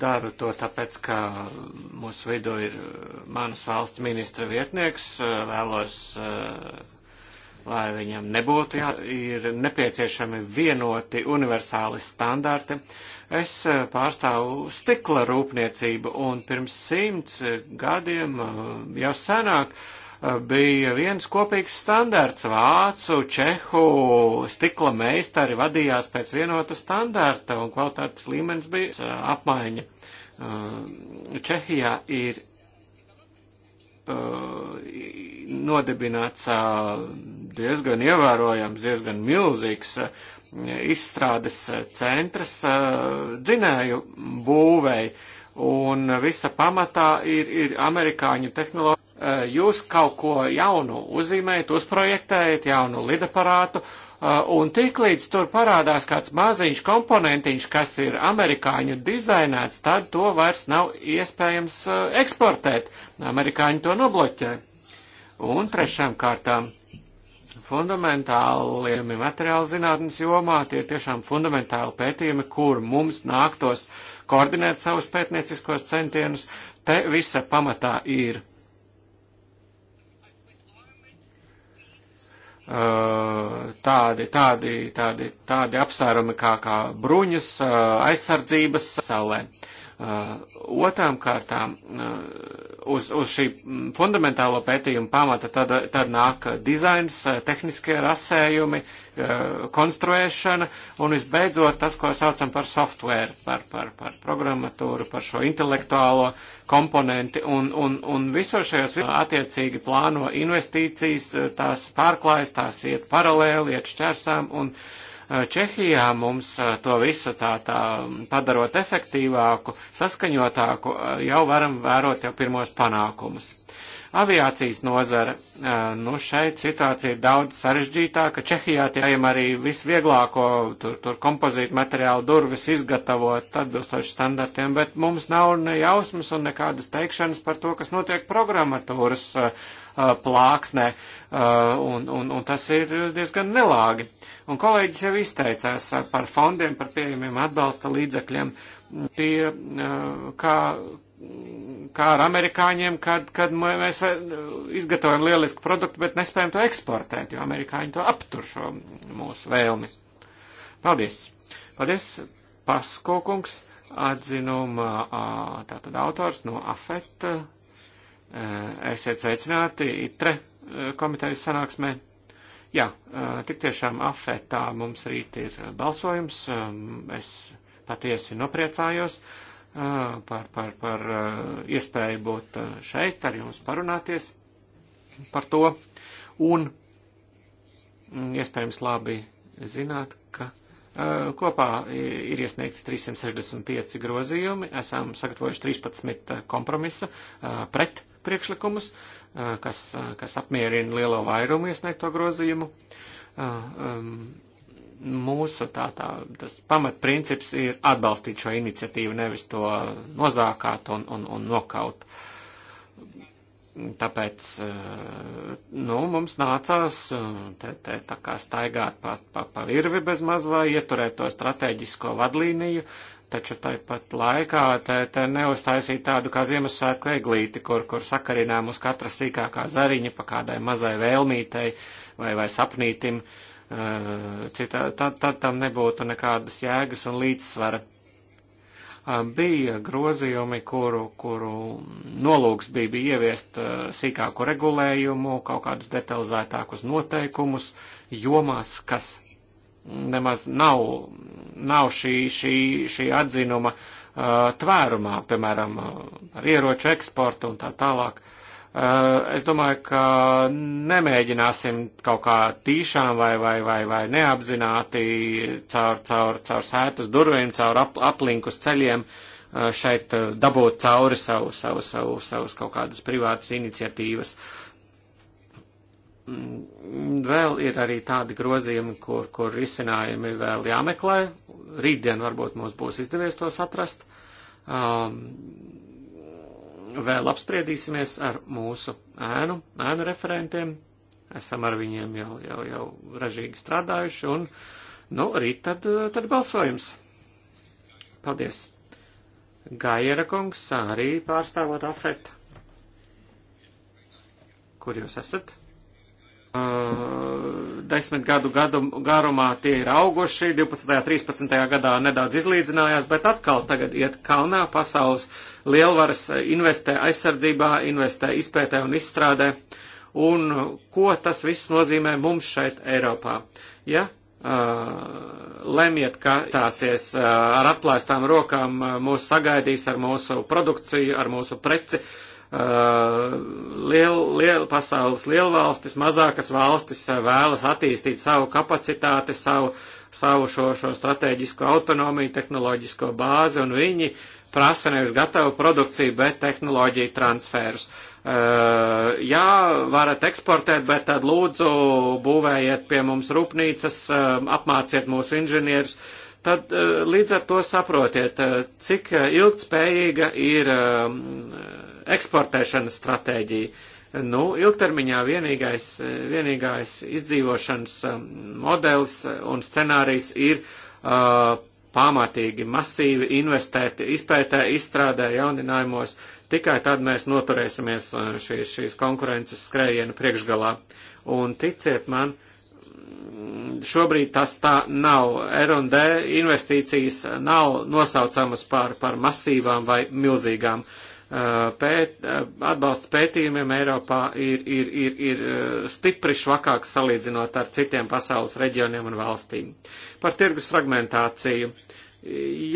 Daru to tāpēc, ka mūsu vidū ir manas valsts ministra vietnieks. Vēlos, eh, lai viņam nebūtu, jā, ir nepieciešami vienoti universāli standarti. Es eh, pārstāvu stikla rūpniecību un pirms simts gadiem eh, jau senāk bija viens kopīgs standarts. Vācu, Čehu stikla meistari vadījās pēc vienota standarta un kvalitātes līmenis bija uh, apmaiņa. Uh, Čehijā ir uh, nodibināts diezgan ievērojams, diezgan milzīgs izstrādes centrs dzinēju būvēi, un visa pamatā ir, ir amerikāņu tehnoloģija Eh, jūs kaut ko jaunu uzzīmējat, uzprojektējat jaunu lidaparātu, eh, un tiklīdz tur parādās kāds maziņš komponentiņš, kas ir amerikāņu dizainēts, tad to vairs nav iespējams eh, eksportēt. Amerikāņi to nobloķē. Un trešām kārtām fundamentāliem materiāla zinātnes jomā tie ir tiešām fundamentāli pētījumi, kur mums nāktos koordinēt savus pētnieciskos centienus. Te visa pamatā ir Eh, tādi, tādi, tādi, tādi apsvērumi kā, kā bruņas eh, aizsardzības saulē. Eh, otrām kārtām uz, uz šī mm, fundamentālo pētījuma pamata tad, tad nāk dizains, tehniskie rasējumi, uh, Eh, konstruēšana un visbeidzot tas, ko saucam par software, par, par, par programmatūru, par šo intelektuālo komponenti un, un, un visos šajos attiecīgi plāno investīcijas, eh, tās pārklājas, tās iet paralēli, iet šķērsām un eh, Čehijā mums to visu tā, tā padarot efektīvāku, saskaņotāku, jau varam vērot jau pirmos panākumus. Uh, Aviācijas nozara, nu šeit situācija ir daudz sarežģītāka. Čehijā tiem arī visvieglāko tur, tur kompozītu materiālu durvis izgatavot atbilstoši standartiem, bet mums nav ne jausmas un nekādas teikšanas par to, kas notiek programmatūras plāksnē, un, un, un tas ir diezgan nelāgi. Un kolēģis jau izteicās par fondiem, par pieejamiem atbalsta līdzekļiem, pie, kā, kā ar amerikāņiem, kad, kad mēs eh, izgatavojam lielisku produktu, bet nespējam to eksportēt, jo amerikāņi to aptur šo mūsu vēlmi. Paldies! Paldies, Paskokungs, atzinuma tātad autors no AFET. Eh, esiet sveicināti ITRE eh, komitejas sanāksmē. Jā, tik tiešām AFETā mums rīt ir balsojums. Es patiesi nopriecājos. Ah, par, par, par eh, iespēju būt eh, šeit, ar jums parunāties par to. Un mm, iespējams labi zināt, ka eh, kopā ir iesniegti 365 grozījumi, esam sagatavojuši 13 kompromisa pret priekšlikumus, kas, kas apmierina lielo vairumu iesniegto grozījumu mūsu tā, tā, tas pamatprincips ir atbalstīt šo iniciatīvu, nevis to nozākāt un, un, un nokaut. Tāpēc, eh, nu, mums nācās eh, te, te tā kā staigāt pa, pa, pa virvi bez mazvā, ieturēt to strateģisko vadlīniju, taču tāpat laikā te, te neuztaisīt tādu kā Ziemassvētku eglīti, kur, kur sakarinām uz katra sīkākā zariņa pa kādai mazai vēlmītei vai, vai sapnītim. Uh, Eh, citā, tad, tad tam nebūtu nekādas jēgas un līdzsvara. Eh, bija grozījumi, kuru, kuru nolūks bija, bija ieviest eh, sīkāku regulējumu, kaut kādus detalizētākus noteikumus jomās, kas nemaz nav, nav šī, šī, šī atzinuma tvērumā, piemēram, ar ieroču eksportu un tā tālāk. Uh, Eh, es domāju, ka nemēģināsim kaut kā tīšām vai, vai, vai, vai neapzināti caur, caur, caur sētas durvīm, caur ap, aplinkus ceļiem eh, šeit eh, dabūt cauri savu, savu, savu, savus kaut kādas privātas iniciatīvas. Mm, vēl ir arī tādi grozījumi, kur, kur risinājumi vēl jāmeklē. Rītdien varbūt mums būs izdevies tos atrast. Um, vēl apspriedīsimies ar mūsu ēnu, ēnu referentiem. Esam ar viņiem jau, jau, jau ražīgi strādājuši un, nu, rīt tad, tad balsojums. Paldies. Gaiera kungs arī pārstāvot afetu. Kur jūs esat? Eh, desmit gadu gadum, garumā tie ir auguši, 12. un 13. gadā nedaudz izlīdzinājās, bet atkal tagad iet kalnā, pasaules lielvaras investē aizsardzībā, investē izpētē un izstrādē. Un ko tas viss nozīmē mums šeit Eiropā? Ja Uh, lemiet, ka cāsies uh, eh, ar atklāstām rokām uh, mūs sagaidīs ar mūsu produkciju, ar mūsu preci, Eh, liel, liel, pasaules lielvalstis, mazākas valstis eh, vēlas attīstīt savu kapacitāti, savu, savu šo, šo strateģisko autonomiju, tehnoloģisko bāzi, un viņi prasa nevis gatavu produkciju, bet tehnoloģiju transferus. Uh, jā, varat eksportēt, bet tad lūdzu būvējiet pie mums rūpnīcas, uh, apmāciet mūsu inženierus. Tad uh, līdz ar to saprotiet, cik ilgtspējīga ir eksportēšanas stratēģiju. Nu, ilgtermiņā vienīgais, vienīgais izdzīvošanas um, modelis un scenārijs ir uh, pamatīgi, masīvi investēt izpētē, izstrādē, jauninājumos. Tikai tad mēs noturēsimies uh, šīs, šīs konkurences skrējienu priekšgalā. Un ticiet man, šobrīd tas tā nav. R&D investīcijas nav nosaucamas par, par masīvām vai milzīgām. Uh, pēt, atbalsts pētījumiem Eiropā ir, ir, ir, ir eh, stipri švakāks salīdzinot ar citiem pasaules reģioniem un valstīm. Par tirgus fragmentāciju.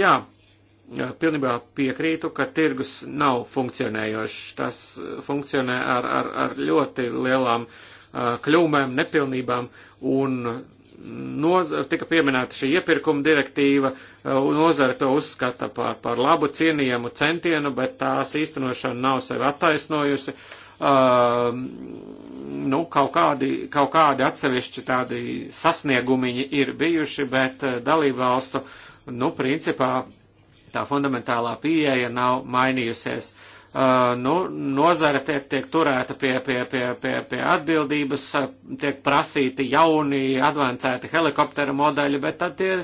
Jā, pilnībā piekrītu, ka tirgus nav funkcionējošs. Tas funkcionē ar, ar, ar ļoti lielām eh, kļūmēm, nepilnībām un noz, tika pieminēta šī iepirkuma direktīva, eh, nozara to uzskata par, par labu cienījumu centienu, bet tās īstenošana nav sevi attaisnojusi. Uh, nu, kaut kādi, kaut kādi atsevišķi tādi sasniegumiņi ir bijuši, bet eh, dalībvalstu, nu, principā tā fundamentālā pieeja nav mainījusies. Uh, nu, nozara tiek, tiek turēta pie, pie, pie, pie, pie atbildības, tiek prasīti jauni, advancēti helikoptera modeļi, bet tad tie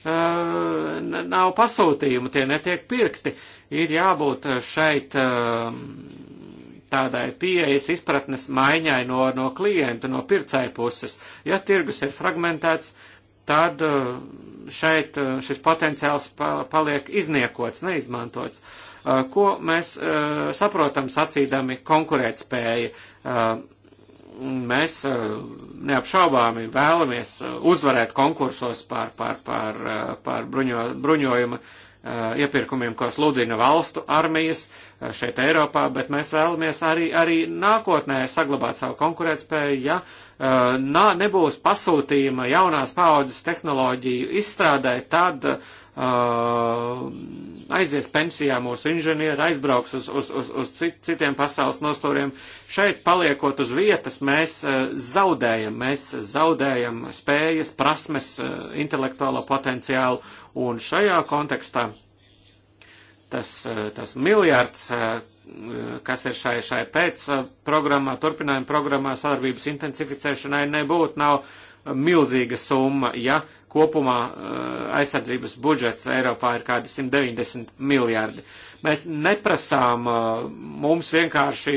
nav pasūtījumu, tie netiek pirkti. Ir jābūt šeit tādai pieejas izpratnes maiņai no, no klienta, no pircēja puses. Ja tirgus ir fragmentēts, tad šeit šis potenciāls paliek izniekots, neizmantots. Uh, Uh, ko mēs uh, saprotam sacīdami konkurētspēju? Uh, mēs neapšaubāmi vēlamies uzvarēt konkursos par, par, par, par bruņo, bruņojumu iepirkumiem, ko sludina valstu armijas šeit Eiropā, bet mēs vēlamies arī, arī nākotnē saglabāt savu konkurētspēju, ja nā, nebūs pasūtījuma jaunās paaudzes tehnoloģiju izstrādē, tad Uh, aizies pensijā mūsu inženieri, aizbrauks uz, uz, uz, uz cit, citiem pasaules nostūriem. Šeit paliekot uz vietas, mēs uh, zaudējam, mēs zaudējam spējas, prasmes, uh, intelektuālo potenciālu, un šajā kontekstā tas, tas miljards, kas ir šai, šai pēc programmā, turpinājuma programmā sadarbības intensificēšanai, nebūtu nav milzīga summa, ja Kopumā eh, aizsardzības budžets Eiropā ir kādi 190 miljardi. Mēs neprasām eh, mums vienkārši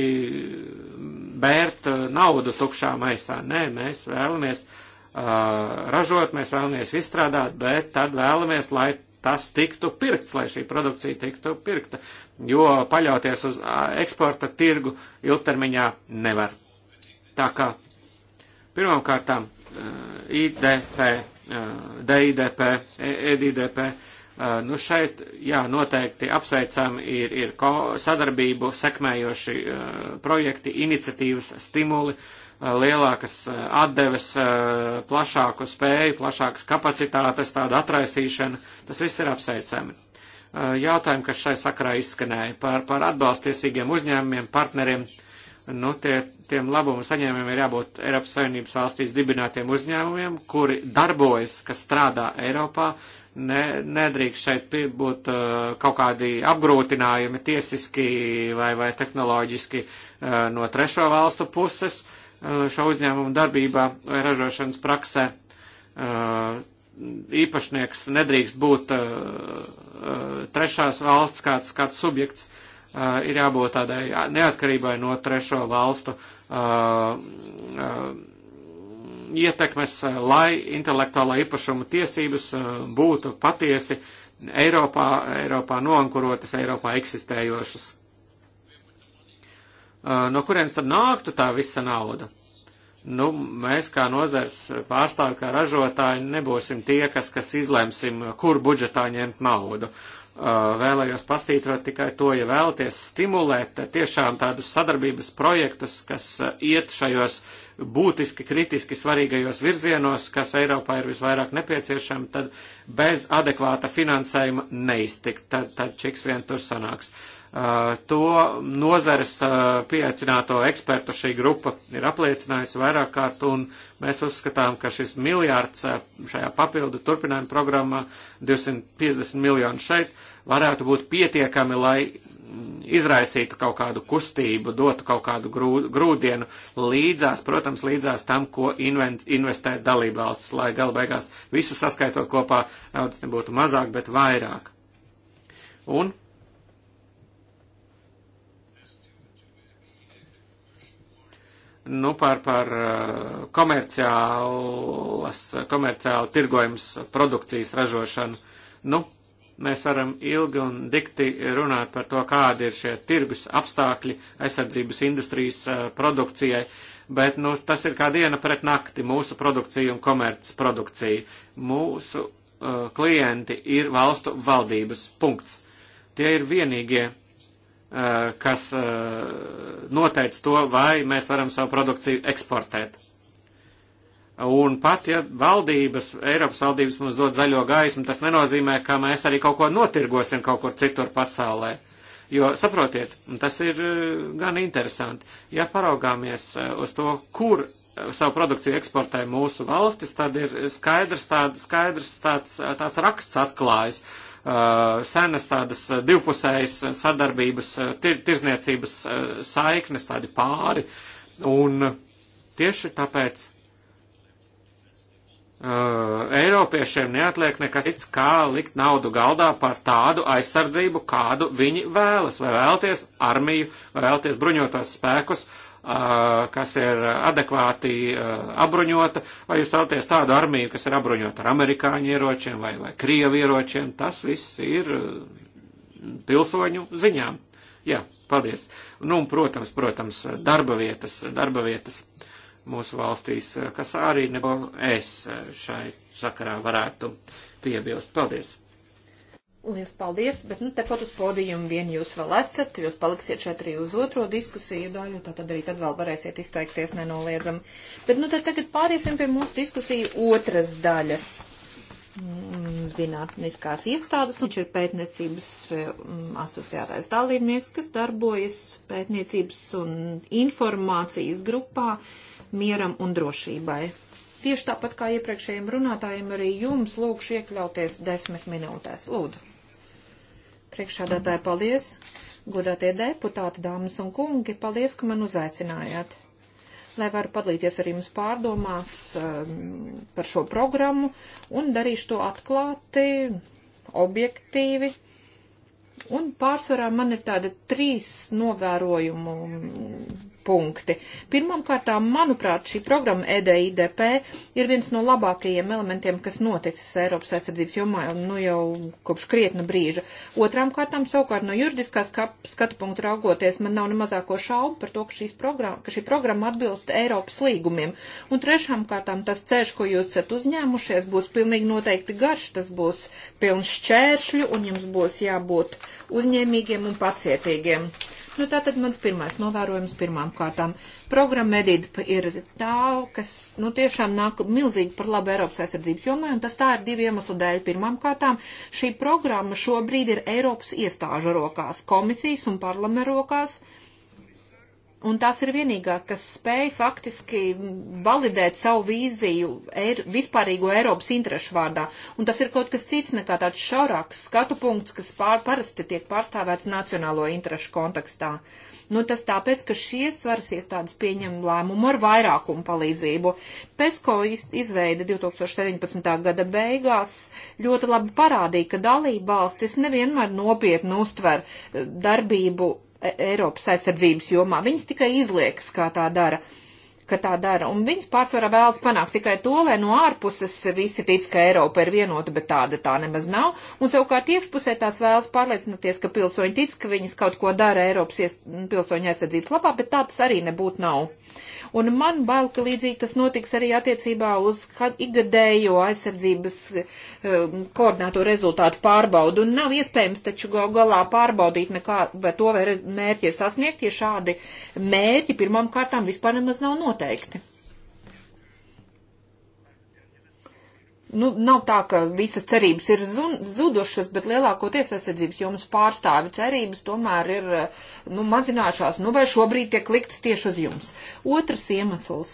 bērt eh, naudu tukšā maisā. Nē, mēs vēlamies ražot, mēs vēlamies izstrādāt, bet tad vēlamies, lai tas tiktu pirkts, lai šī produkcija tiktu pirkta, jo paļauties uz eksporta tirgu ilgtermiņā nevar. Tā kā pirmkārtām IDP DIDP, EDDP. E nu šeit, jā, noteikti apsveicam ir, ir sadarbību sekmējoši projekti, iniciatīvas, stimuli, lielākas atdeves, plašāku spēju, plašākas kapacitātes, tāda atraisīšana. Tas viss ir apsveicami. Jautājumi, kas šai sakarā izskanēja par, par atbalstiesīgiem uzņēmumiem, partneriem. Uh, nu, tie, tiem labumu saņēmumiem ir jābūt Eiropas Savienības valstīs dibinātiem uzņēmumiem, kuri darbojas, kas strādā Eiropā. Ne, nedrīkst šeit būt uh, kaut kādi apgrūtinājumi tiesiski vai, vai tehnoloģiski uh, no trešo valstu puses uh, šo uzņēmumu darbībā vai ražošanas praksē. Uh, īpašnieks nedrīkst būt uh, uh, trešās valsts kāds, kāds subjekts. Uh, Uh, ir jābūt tādai neatkarībai no trešo valstu uh, uh, ietekmes, lai intelektuālā īpašuma tiesības būtu patiesi Eiropā, Eiropā noankurotas, Eiropā eksistējošas. No kurienes tad nāktu tā visa nauda? Nu, mēs kā nozars pārstāvi, kā ražotāji nebūsim tie, kas, kas izlemsim, kur budžetā ņemt naudu. Uh, Uh, vēlējos pasītrot tikai to, ja vēlaties stimulēt tiešām tādus sadarbības projektus, kas uh, iet šajos būtiski kritiski svarīgajos virzienos, kas Eiropā ir visvairāk nepieciešami, tad bez adekvāta finansējuma neiztikt, tad, tad čiks vien tur sanāks. Uh, Eh, to nozares eh, pieaicināto ekspertu šī grupa ir apliecinājusi vairāk kārt, un mēs uzskatām, ka šis miljārds eh, šajā papildu turpinājuma programmā, 250 miljoni šeit, varētu būt pietiekami, lai mm, izraisītu kaut kādu kustību, dotu kaut kādu grūdienu līdzās, protams, līdzās tam, ko investē dalībvalsts, lai gala beigās visu saskaitot kopā naudas nebūtu mazāk, bet vairāk. Un nu, par, par uh, komerciālas, komerciālu tirgojums produkcijas ražošanu. Nu, mēs varam ilgi un dikti runāt par to, kādi ir šie tirgus apstākļi aizsardzības industrijas uh, produkcijai, bet nu, tas ir kā diena pret nakti mūsu produkcija un komerces produkcija. Mūsu uh, klienti ir valstu valdības punkts. Tie ir vienīgie Eh, kas eh, noteica to, vai mēs varam savu produkciju eksportēt. Un pat, ja valdības, Eiropas valdības mums dod zaļo gaismu, tas nenozīmē, ka mēs arī kaut ko notirgosim kaut kur citur pasaulē. Jo, saprotiet, tas ir eh, gan interesanti. Ja paraugāmies uz to, kur savu produkciju eksportē mūsu valstis, tad ir skaidrs, tād, skaidrs tāds, tāds raksts atklājas. Uh, Uh, senas tādas uh, divpusējas uh, sadarbības, tir, tirzniecības saiknes, tādi pāri. Un tieši tāpēc Uh, Eiropiešiem neatliek nekas cits, kā likt naudu galdā par tādu aizsardzību, kādu viņi vēlas, vai vēlties armiju, vai vēlties bruņotos spēkus, kas ir adekvāti apbruņota, vai jūs vēlaties tādu armiju, kas ir apbruņota ar amerikāņu ieročiem vai, vai krievu ieročiem, tas viss ir pilsoņu ziņām. Jā, paldies. Nu, un, protams, protams, darba vietas, darba vietas mūsu valstīs, kas arī nebo es šai sakarā varētu piebilst. Paldies! Liels paldies, bet nu, tepat uz podijumu vien jūs vēl esat, jūs paliksiet šeit arī uz otro diskusiju daļu, tā tad arī tad vēl varēsiet izteikties nenoliedzami. Bet nu tad tagad pāriesim pie mūsu diskusiju otras daļas. Mm, zinātniskās iestādes, viņš ir pētniecības mm, asociētais dalībnieks, kas darbojas pētniecības un informācijas grupā mieram un drošībai. Tieši tāpat kā iepriekšējiem runātājiem, arī jums lūkšu iekļauties desmit minūtēs. Lūdzu! Priekšādātāji, paldies! Godātie deputāti, dāmas un kungi, paldies, ka man uzaicinājāt. Lai varu padalīties ar jums pārdomās um, par šo programmu un darīšu to atklāti, objektīvi. Un pārsvarā man ir tāda trīs novērojumu punkti. Pirmkārt, manuprāt, šī programma EDIDP ir viens no labākajiem elementiem, kas noticis Eiropas aizsardzības jomā nu, jau kopš krietna brīža. Otrām kārtām, savukārt, no juridiskā skatu punkta raugoties, man nav ne mazāko šaubu par to, ka, programma, ka šī programma atbilst Eiropas līgumiem. Un trešām kārtām, tas ceļš, ko jūs esat uzņēmušies, būs pilnīgi noteikti garš, tas būs pilns šķēršļu un jums būs jābūt uzņēmīgiem un pacietīgiem. Nu, tā tad mans pirmais novērojums pirmām kārtām. Programma Edit ir tā, kas, nu, tiešām nāk milzīgi par labu Eiropas aizsardzības jomai, un tas tā ir divu iemeslu dēļ. Pirmām kārtām šī programma šobrīd ir Eiropas iestāžu rokās, komisijas un parlamentu rokās. Uh, Un tās ir vienīgā, kas spēja faktiski validēt savu vīziju er, vispārīgo Eiropas interešu vārdā. Un tas ir kaut kas cits nekā tāds šaurāks skatu punkts, kas pār, parasti tiek pārstāvēts nacionālo interešu kontekstā. Nu, tas tāpēc, ka šie svaras iestādes pieņem lēmumu ar vairākumu palīdzību. PESCO izveida 2017. gada beigās ļoti labi parādīja, ka dalība valstis nevienmēr nopietni uztver eh, darbību E, Eiropas aizsardzības jomā. Viņas tikai izliekas, kā tā dara ka tā dara, un viņas pārsvarā vēlas panākt tikai to, lai no ārpuses visi tic, ka Eiropa ir vienota, bet tāda tā nemaz nav, un savukārt iekšpusē tās vēlas pārliecināties, ka pilsoņi tic, ka viņas kaut ko dara Eiropas pilsoņu aizsardzības labā, bet tā tas arī nebūtu nav. Un man bail, ka līdzīgi tas notiks arī attiecībā uz ikgadējo aizsardzības um, koordināto rezultātu pārbaudu. Un nav iespējams taču gal galā pārbaudīt nekā, vai to vai mērķi ir sasniegt, ja šādi mērķi pirmām kārtām vispār nemaz nav noteikti. nu, nav tā, ka visas cerības ir zudušas, bet lielākoties aizsardzības jomas pārstāvi cerības tomēr ir nu, mazinājušās, nu vai šobrīd tiek liktas tieši uz jums. Otrs iemesls.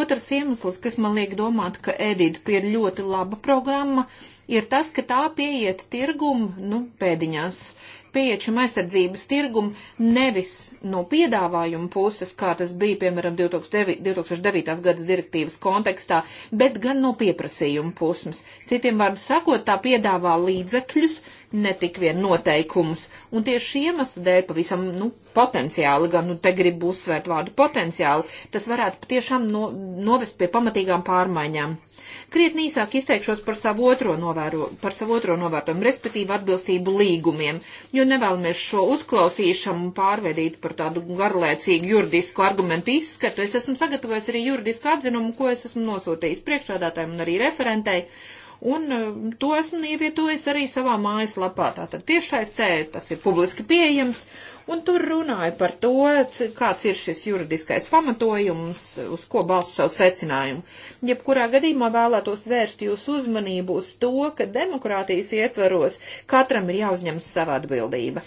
Otrs iemesls, kas man liek domāt, ka Edita ir ļoti laba programma, ir tas, ka tā pieiet tirgumu nu, pēdiņās pieejamu aizsardzības tirgumu nevis no piedāvājuma puses, kā tas bija, piemēram, 2009, 2009. gadas direktīvas kontekstā, bet gan no pieprasījuma puses. Citiem vārdu sakot, tā piedāvā līdzekļus, uh, netik vien noteikumus. Un tieši iemesla dēļ pavisam, nu, potenciāli, gan, nu, te gribu uzsvērt vārdu potenciāli, tas varētu patiešām no, novest pie pamatīgām pārmaiņām. Krietni īsāk izteikšos par savu otro, novēro, par savu otro novērtojumu, respektīvi atbilstību līgumiem, jo nevēlamies šo uzklausīšanu pārvedīt par tādu garlēcīgu juridisku argumentu izskatu. Es esmu sagatavojis arī juridisku atzinumu, ko es esmu nosūtījis priekšādātājiem un arī referentei un e, to esmu ievietojis arī savā mājaslapā. Tātad tiešais te tas ir publiski pieejams, un tur runāja par to, kāds ir šis juridiskais pamatojums, uz ko balsta savu secinājumu. Jebkurā gadījumā vēlētos vērst jūsu uzmanību uz to, ka demokrātijas ietvaros katram ir jāuzņem sava atbildība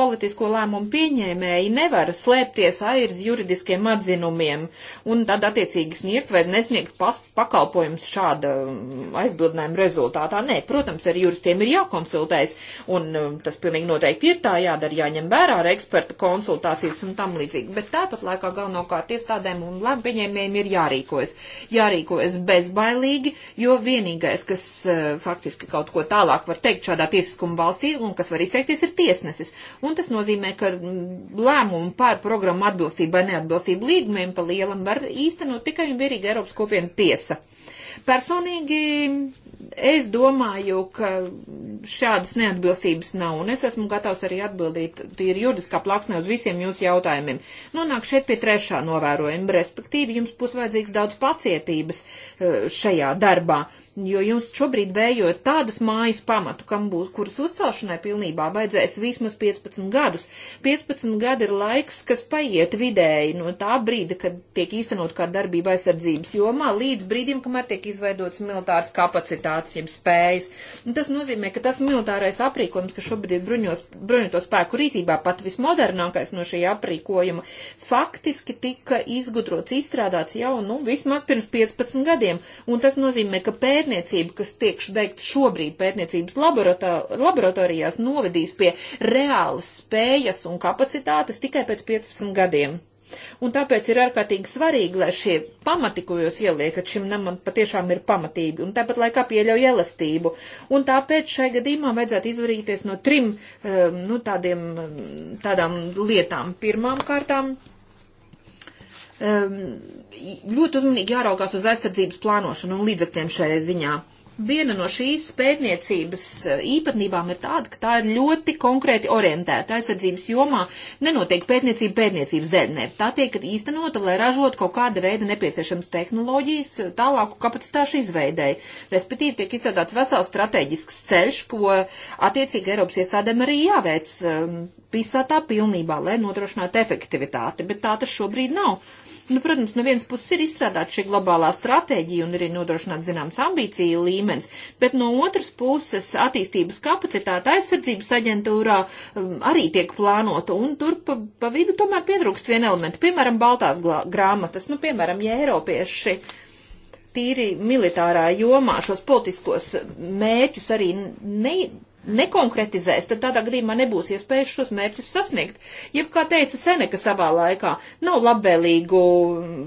politisko lēmumu pieņēmēji nevar slēpties aiz juridiskiem atzinumiem un tad attiecīgi sniegt vai nesniegt pas, pakalpojums šāda mm, aizbildinājuma rezultātā. Nē, protams, ar juristiem ir jākonsultējas un mm, tas pilnīgi noteikti ir tā jādara, jāņem vērā ar eksperta konsultācijas un tam līdzīgi. Bet tāpat laikā galvenokārt iestādēm un lēmpiņēmējiem ir jārīkojas. Jārīkojas bezbailīgi, jo vienīgais, kas uh, faktiski kaut ko tālāk var teikt šādā tiesiskuma valstī un kas var izteikties, ir tiesnesis. Un un tas nozīmē, ka mm, lēmumu par programmu atbilstību vai neatbilstību līgumiem pa lielam var īstenot tikai un vienīgi Eiropas kopiena tiesa. Personīgi Es domāju, ka šādas neatbilstības nav, un es esmu gatavs arī atbildīt tīri juridiskā plāksnē uz visiem jūsu jautājumiem. Nonāk šeit pie trešā novērojuma, respektīvi jums būs vajadzīgs daudz pacietības eh, šajā darbā, jo jums šobrīd vējot tādas mājas pamatu, kam būs, kuras uzcelšanai pilnībā vajadzēs vismaz 15 gadus. 15 gadi ir laiks, kas paiet vidēji no tā brīda, kad tiek īstenot kā darbība aizsardzības jomā, līdz brīdim, kamēr tiek izveidots militārs kapacitāts kapacitātes, jeb spējas. Un tas nozīmē, ka tas militārais aprīkojums, kas šobrīd ir bruņos, bruņoto spēku rīcībā, pat vismodernākais no šī aprīkojuma, faktiski tika izgudrots, izstrādāts jau, nu, vismaz pirms 15 gadiem. Un tas nozīmē, ka pērniecība, kas tiek veikta šobrīd pērniecības laborato laboratorijās, novedīs pie reālas spējas un kapacitātes tikai pēc 15 gadiem. Un tāpēc ir ārkārtīgi svarīgi, lai šie pamati, ko jūs ieliekat šim namam, patiešām ir pamatība un tāpat laikā pieļauj elastību. Un tāpēc šai gadījumā vajadzētu izvarīties no trim eh, nu, tādiem, tādām lietām. Pirmām kārtām eh, ļoti uzmanīgi jāraugās uz aizsardzības plānošanu un līdzekļiem šajā ziņā viena no šīs pētniecības eh, īpatnībām ir tāda, ka tā ir ļoti konkrēti orientēta aizsardzības jomā. Nenotiek pētniecība pētniecības dēļ, ne. Tā tiek īstenota, lai ražot kaut kāda veida nepieciešamas tehnoloģijas eh, tālāku kapacitāšu izveidēji. Respektīvi, tiek izstrādāts vesels strateģisks ceļš, ko attiecīgi Eiropas iestādēm arī jāveic eh, visā tā pilnībā, lai nodrošinātu efektivitāti, bet tā tas šobrīd nav. Nu, protams, no nu vienas puses ir izstrādāta šī globālā stratēģija un arī nodrošināt zināms ambīciju līmenis, bet no otras puses attīstības kapacitāte aizsardzības aģentūrā um, arī tiek plānota un tur pa, pa vidu tomēr pietrūkst viena elementa, piemēram, baltās grāmatas, nu, piemēram, ja Eiropieši tīri militārā jomā šos politiskos mēķus arī ne, nekonkretizēs, tad tādā gadījumā nebūs iespējas šos mērķus sasniegt. Jeb kā teica Seneka savā laikā, nav labvēlīgu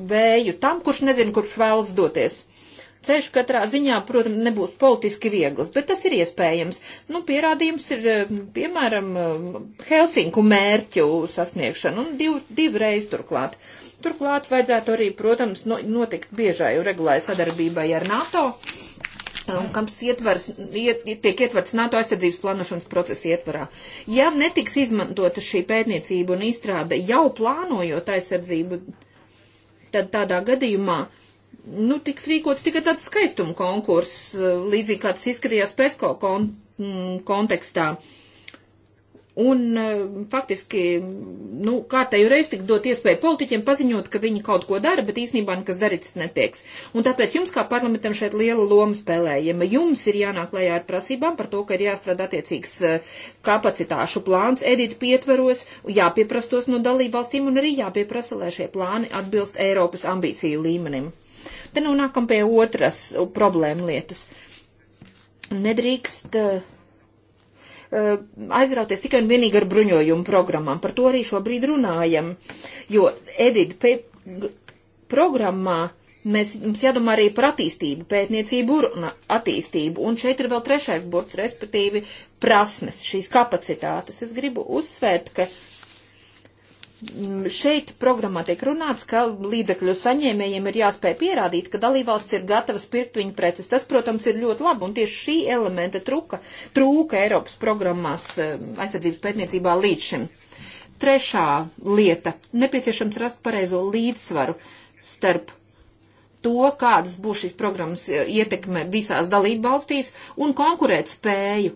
vēju tam, kurš nezina, kurš vēlas doties. Ceļš katrā ziņā, protams, nebūs politiski viegls, bet tas ir iespējams. Nu, pierādījums ir, eh, piemēram, eh, Helsinku mērķu sasniegšana un div, divreiz turklāt. Turklāt vajadzētu arī, protams, notikt biežai un regulārai sadarbībai ar NATO un kam ietvers, iet, tiek ietverts NATO aizsardzības plānošanas procesa ietvarā. Ja netiks izmantota šī pētniecība un izstrāde jau plānojot aizsardzību, tad tādā gadījumā, nu, tiks rīkots tikai tāds skaistuma konkurss, līdzīgi kā tas izskatījās PESCO kon mm, kontekstā. Uh, Un e, faktiski, nu, kārtēju reizi tik dot iespēju politiķiem paziņot, ka viņi kaut ko dara, bet īstenībā nekas darīts netieks. Un tāpēc jums kā parlamentam šeit liela loma spēlējama. Jums ir jānāk lējā ar prasībām par to, ka ir jāstrādā attiecīgs e, kapacitāšu plāns, edīt pietveros, jāpieprastos no dalībvalstīm un arī jāpieprasa, lai šie plāni atbilst Eiropas ambīciju līmenim. Te nu nākam pie otras problēma lietas. Nedrīkst uh, Eh, aizrauties tikai un vienīgi ar bruņojumu programmām. Par to arī šobrīd runājam, jo EDID programmā mēs, mums jādomā arī par attīstību, pētniecību un attīstību. Un šeit ir vēl trešais burts, respektīvi prasmes, šīs kapacitātes. Es gribu uzsvērt, ka Mm, šeit programmā tiek runāts, ka līdzekļu saņēmējiem ir jāspēj pierādīt, ka dalībvalsts ir gatavas pirkt viņu preces. Tas, protams, ir ļoti labi, un tieši šī elementa truka, trūka Eiropas programmās eh, aizsardzības pētniecībā līdz šim. Trešā lieta - nepieciešams rast pareizo līdzsvaru starp to, kādas būs šīs programmas eh, ietekme visās dalībvalstīs un konkurēt spēju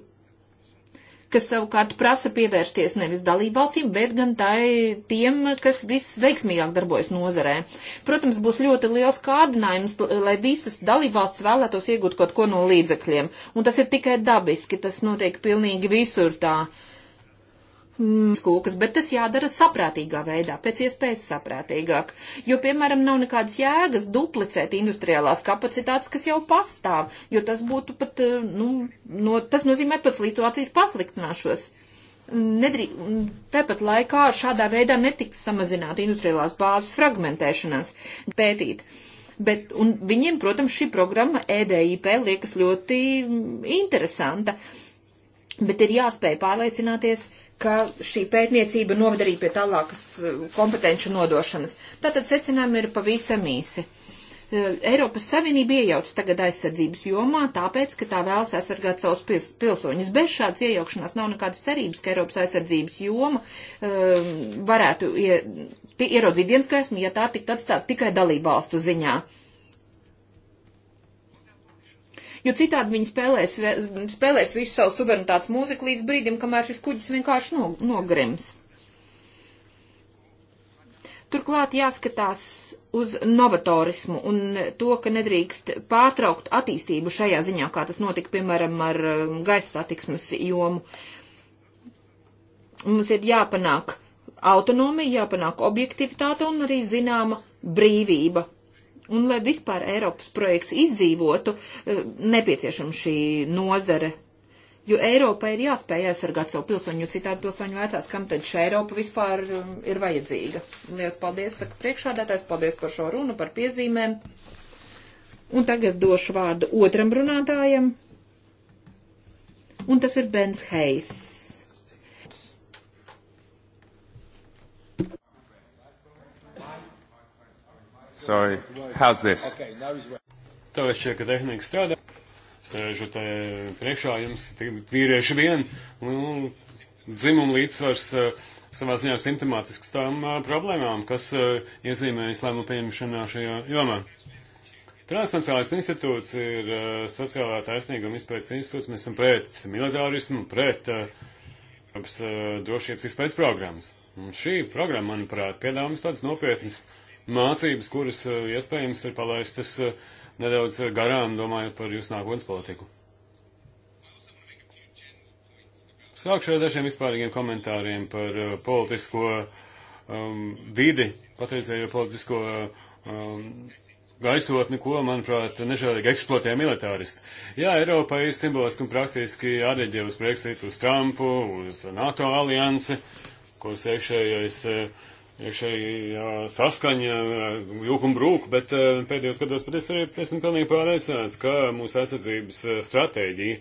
kas savukārt prasa pievērsties nevis dalībvalstīm, bet gan tai tiem, kas visveiksmīgāk darbojas nozarē. Protams, būs ļoti liels kārdinājums, lai visas dalībvalsts vēlētos iegūt kaut ko no līdzekļiem. Un tas ir tikai dabiski, tas notiek pilnīgi visur tā. Uh, Mm, kūkas, bet tas jādara saprātīgā veidā, pēc iespējas saprātīgāk. Jo, piemēram, nav nekādas jēgas duplicēt industriālās kapacitātes, kas jau pastāv, jo tas būtu pat, eh, nu, no, tas nozīmē pat situācijas pasliktināšos. Nedrī, tāpat laikā šādā veidā netiks samazināta industriālās bāzes fragmentēšanās pētīt. Bet, un viņiem, protams, šī programma EDIP liekas ļoti mm, interesanta, bet ir jāspēj pārliecināties, uh, ka šī pētniecība noved arī pie tālākas eh, kompetenču nodošanas. Tātad secinājumi ir pavisam īsi. Eh, Eiropas Savienība iejaucas tagad aizsardzības jomā, tāpēc, ka tā vēlas aizsargāt savus pils pilsoņus. Bez šādas iejaukšanās nav nekādas cerības, ka Eiropas aizsardzības joma um, varētu ie ieraudzīt dienas gaismu, ja tā tiktu atstāt tikai dalībvalstu ziņā. Uh, jo citādi viņi spēlēs, spēlēs visu savu suverenitātes mūziku līdz brīdim, kamēr šis kuģis vienkārši no, nogrims. Turklāt jāskatās uz novatorismu un to, ka nedrīkst pārtraukt attīstību šajā ziņā, kā tas notika, piemēram, ar um, gaisa satiksmes jomu. Mums ir jāpanāk autonomija, jāpanāk objektivitāte un arī zināma brīvība Un, lai vispār Eiropas projekts izdzīvotu, e, nepieciešama šī nozare. Jo Eiropai ir jāspēj aizsargāt savu pilsoņu, jo citādi pilsoņu vecās, kam tad šī Eiropa vispār um, ir vajadzīga. Lielas paldies, saka priekšādātājs, paldies par šo runu, par piezīmēm. Un tagad došu vārdu otram runātājam. Un tas ir Bens Heis. Sorry. How's this? Tagad šķiet, ka tehnika strādā. Sēžu te priekšā jums, vīrieši vien, un nu, dzimuma līdzsvars eh, savā ziņā simptomātisks tām eh, problēmām, kas eh, iezīmējas lēmumu pieņemšanā šajā jomā. Transnacionālais institūts ir sociālā taisnīguma izpētes institūts. Mēs esam pret militārismu, pret Eiropas drošības izpētes programmas. Un šī programma, manuprāt, piedāvā mums tādas nopietnas mācības, kuras eh, iespējams ir palaistas eh, nedaudz eh, garām, domājot par jūsu nākotnes politiku. Sākšu ar dažiem vispārīgiem komentāriem par politisko um, vidi, pateicēju politisko um, gaisotni, ko, manuprāt, nežēlīgi eksploatē militāristi. Jā, Eiropa ir simboliski un praktiski jāreģē uz Brexit, uz Trumpu, uz NATO aliansi, kuras iekšējais uh, šī jā, saskaņa, jūk un brūk, bet eh, pēdējos gados pat es arī esmu pilnīgi pārliecināts, ka mūsu aizsardzības eh, stratēģija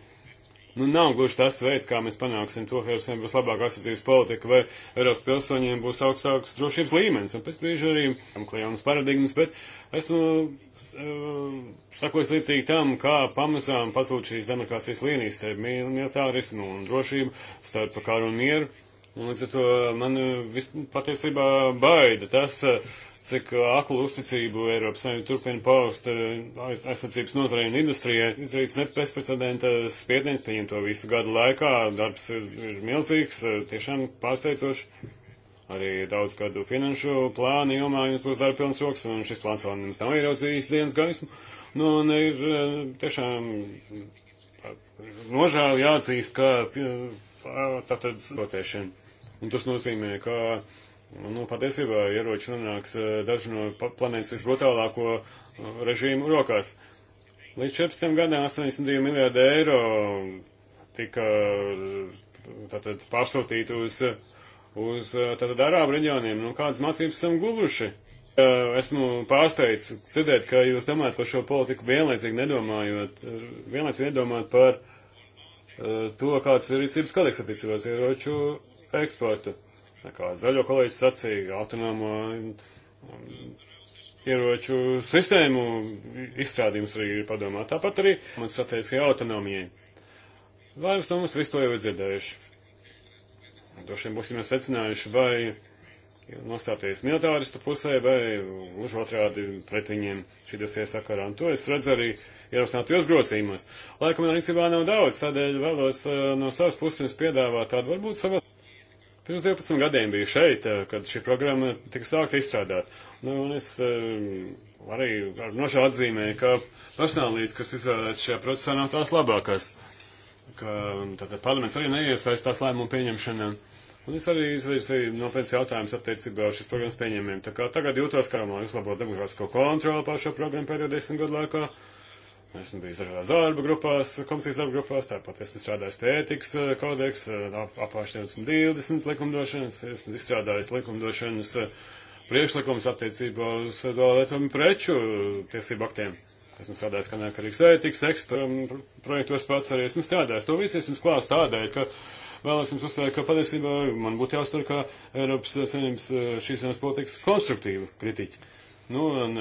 nu, nav gluži tas veids, kā mēs panāksim to, ka Eiropas būs labāka aizsardzības politika, vai Eiropas pilsoņiem būs augstāks drošības līmenis, un pēc brīža arī klajaunas paradigmas, bet esmu uh, sakojis līdzīgi tam, kā pamazām pazūd šīs demarkācijas līnijas starp militārismu un drošību, starp karu un mieru. Un līdz ar to man eh, vis, patiesībā baida tas, eh, cik eh, aklu uzticību Eiropas Savienība turpina paust aiz, aizsardzības nozarei un industrijai. Izdarīts neprecedenta spiediens, pieņem to visu gadu laikā, darbs ir, ir milzīgs, tiešām pārsteidzoši. Arī daudz gadu finanšu plānu jomā jums būs darba pilns rokas, un šis plāns vēl mums nav ieraudzījis dienas gaismu. Nu, un ir tiešām nožēli jāatzīst, ka tātad, protēšana. Un tas nozīmē, ka nu, patiesībā ieroči nonāks eh, dažu no planētas visbrutālāko eh, režīmu rokās. Līdz 14 gadiem 82 miljārdi eiro tika eh, tātad, pārsūtīti uz, uz tātad, arābu reģioniem. Nu, kādas mācības esam guvuši? Esmu pārsteigts dzirdēt, ka jūs domājat par šo politiku vienlaicīgi nedomājot, vienlaicīgi nedomājot par to, kāds ir rīcības kodeks attiecībās ieroču eksportu. Kā zaļo kolēģis sacīja, autonomo um, ieroču sistēmu izstrādījums arī ir padomā. Tāpat arī man strateģiskai autonomijai. Vai uz to mums visu to jau ir dzirdējuši? Droši vien būsim secinājuši, vai nostāties militāristu pusē, vai uz otrādi pret viņiem šī dosie sakarā. Un to es redzu arī ierosinātajos grozījumos. Laika man rīcībā nav daudz, tādēļ vēlos uh, no savas puses piedāvāt tādu varbūt savas Pirms 12 gadiem biju šeit, eh, kad šī programma tika sākta izstrādāt. Nu, un es eh, arī ar nožu atzīmēju, ka personālīs, kas izvēlēts šajā procesā, nav tās labākās. Ka tātad parlaments arī neiesaistās lēmumu pieņemšanā. Un es arī izvirzīju nopietnas jautājumas attiecībā uz šīs programmas pieņēmumiem. Tā kā tagad jūtos, ka man uzlabot demokrātisko kontroli pār šo programmu pēdējo desmit gadu laikā. Uh, Esmu bijis dažādās darba grupās, komisijas darba grupās, tāpat esmu strādājis pie ētikas kodeksa, apārš 2020 likumdošanas, esmu izstrādājis likumdošanas eh, priekšlikums attiecībā uz eh, dolētumu preču eh, tiesību aktiem. Esmu strādājis kā neatkarīgs ētikas ekstra mm, projektos pats arī esmu strādājis. To visu esmu klāsts tādēļ, ka vēlos jums uzsvērt, ka patiesībā man būtu jāuztver kā Eiropas saimnības šīs vienas politikas konstruktīvu kritiķi. Nu, un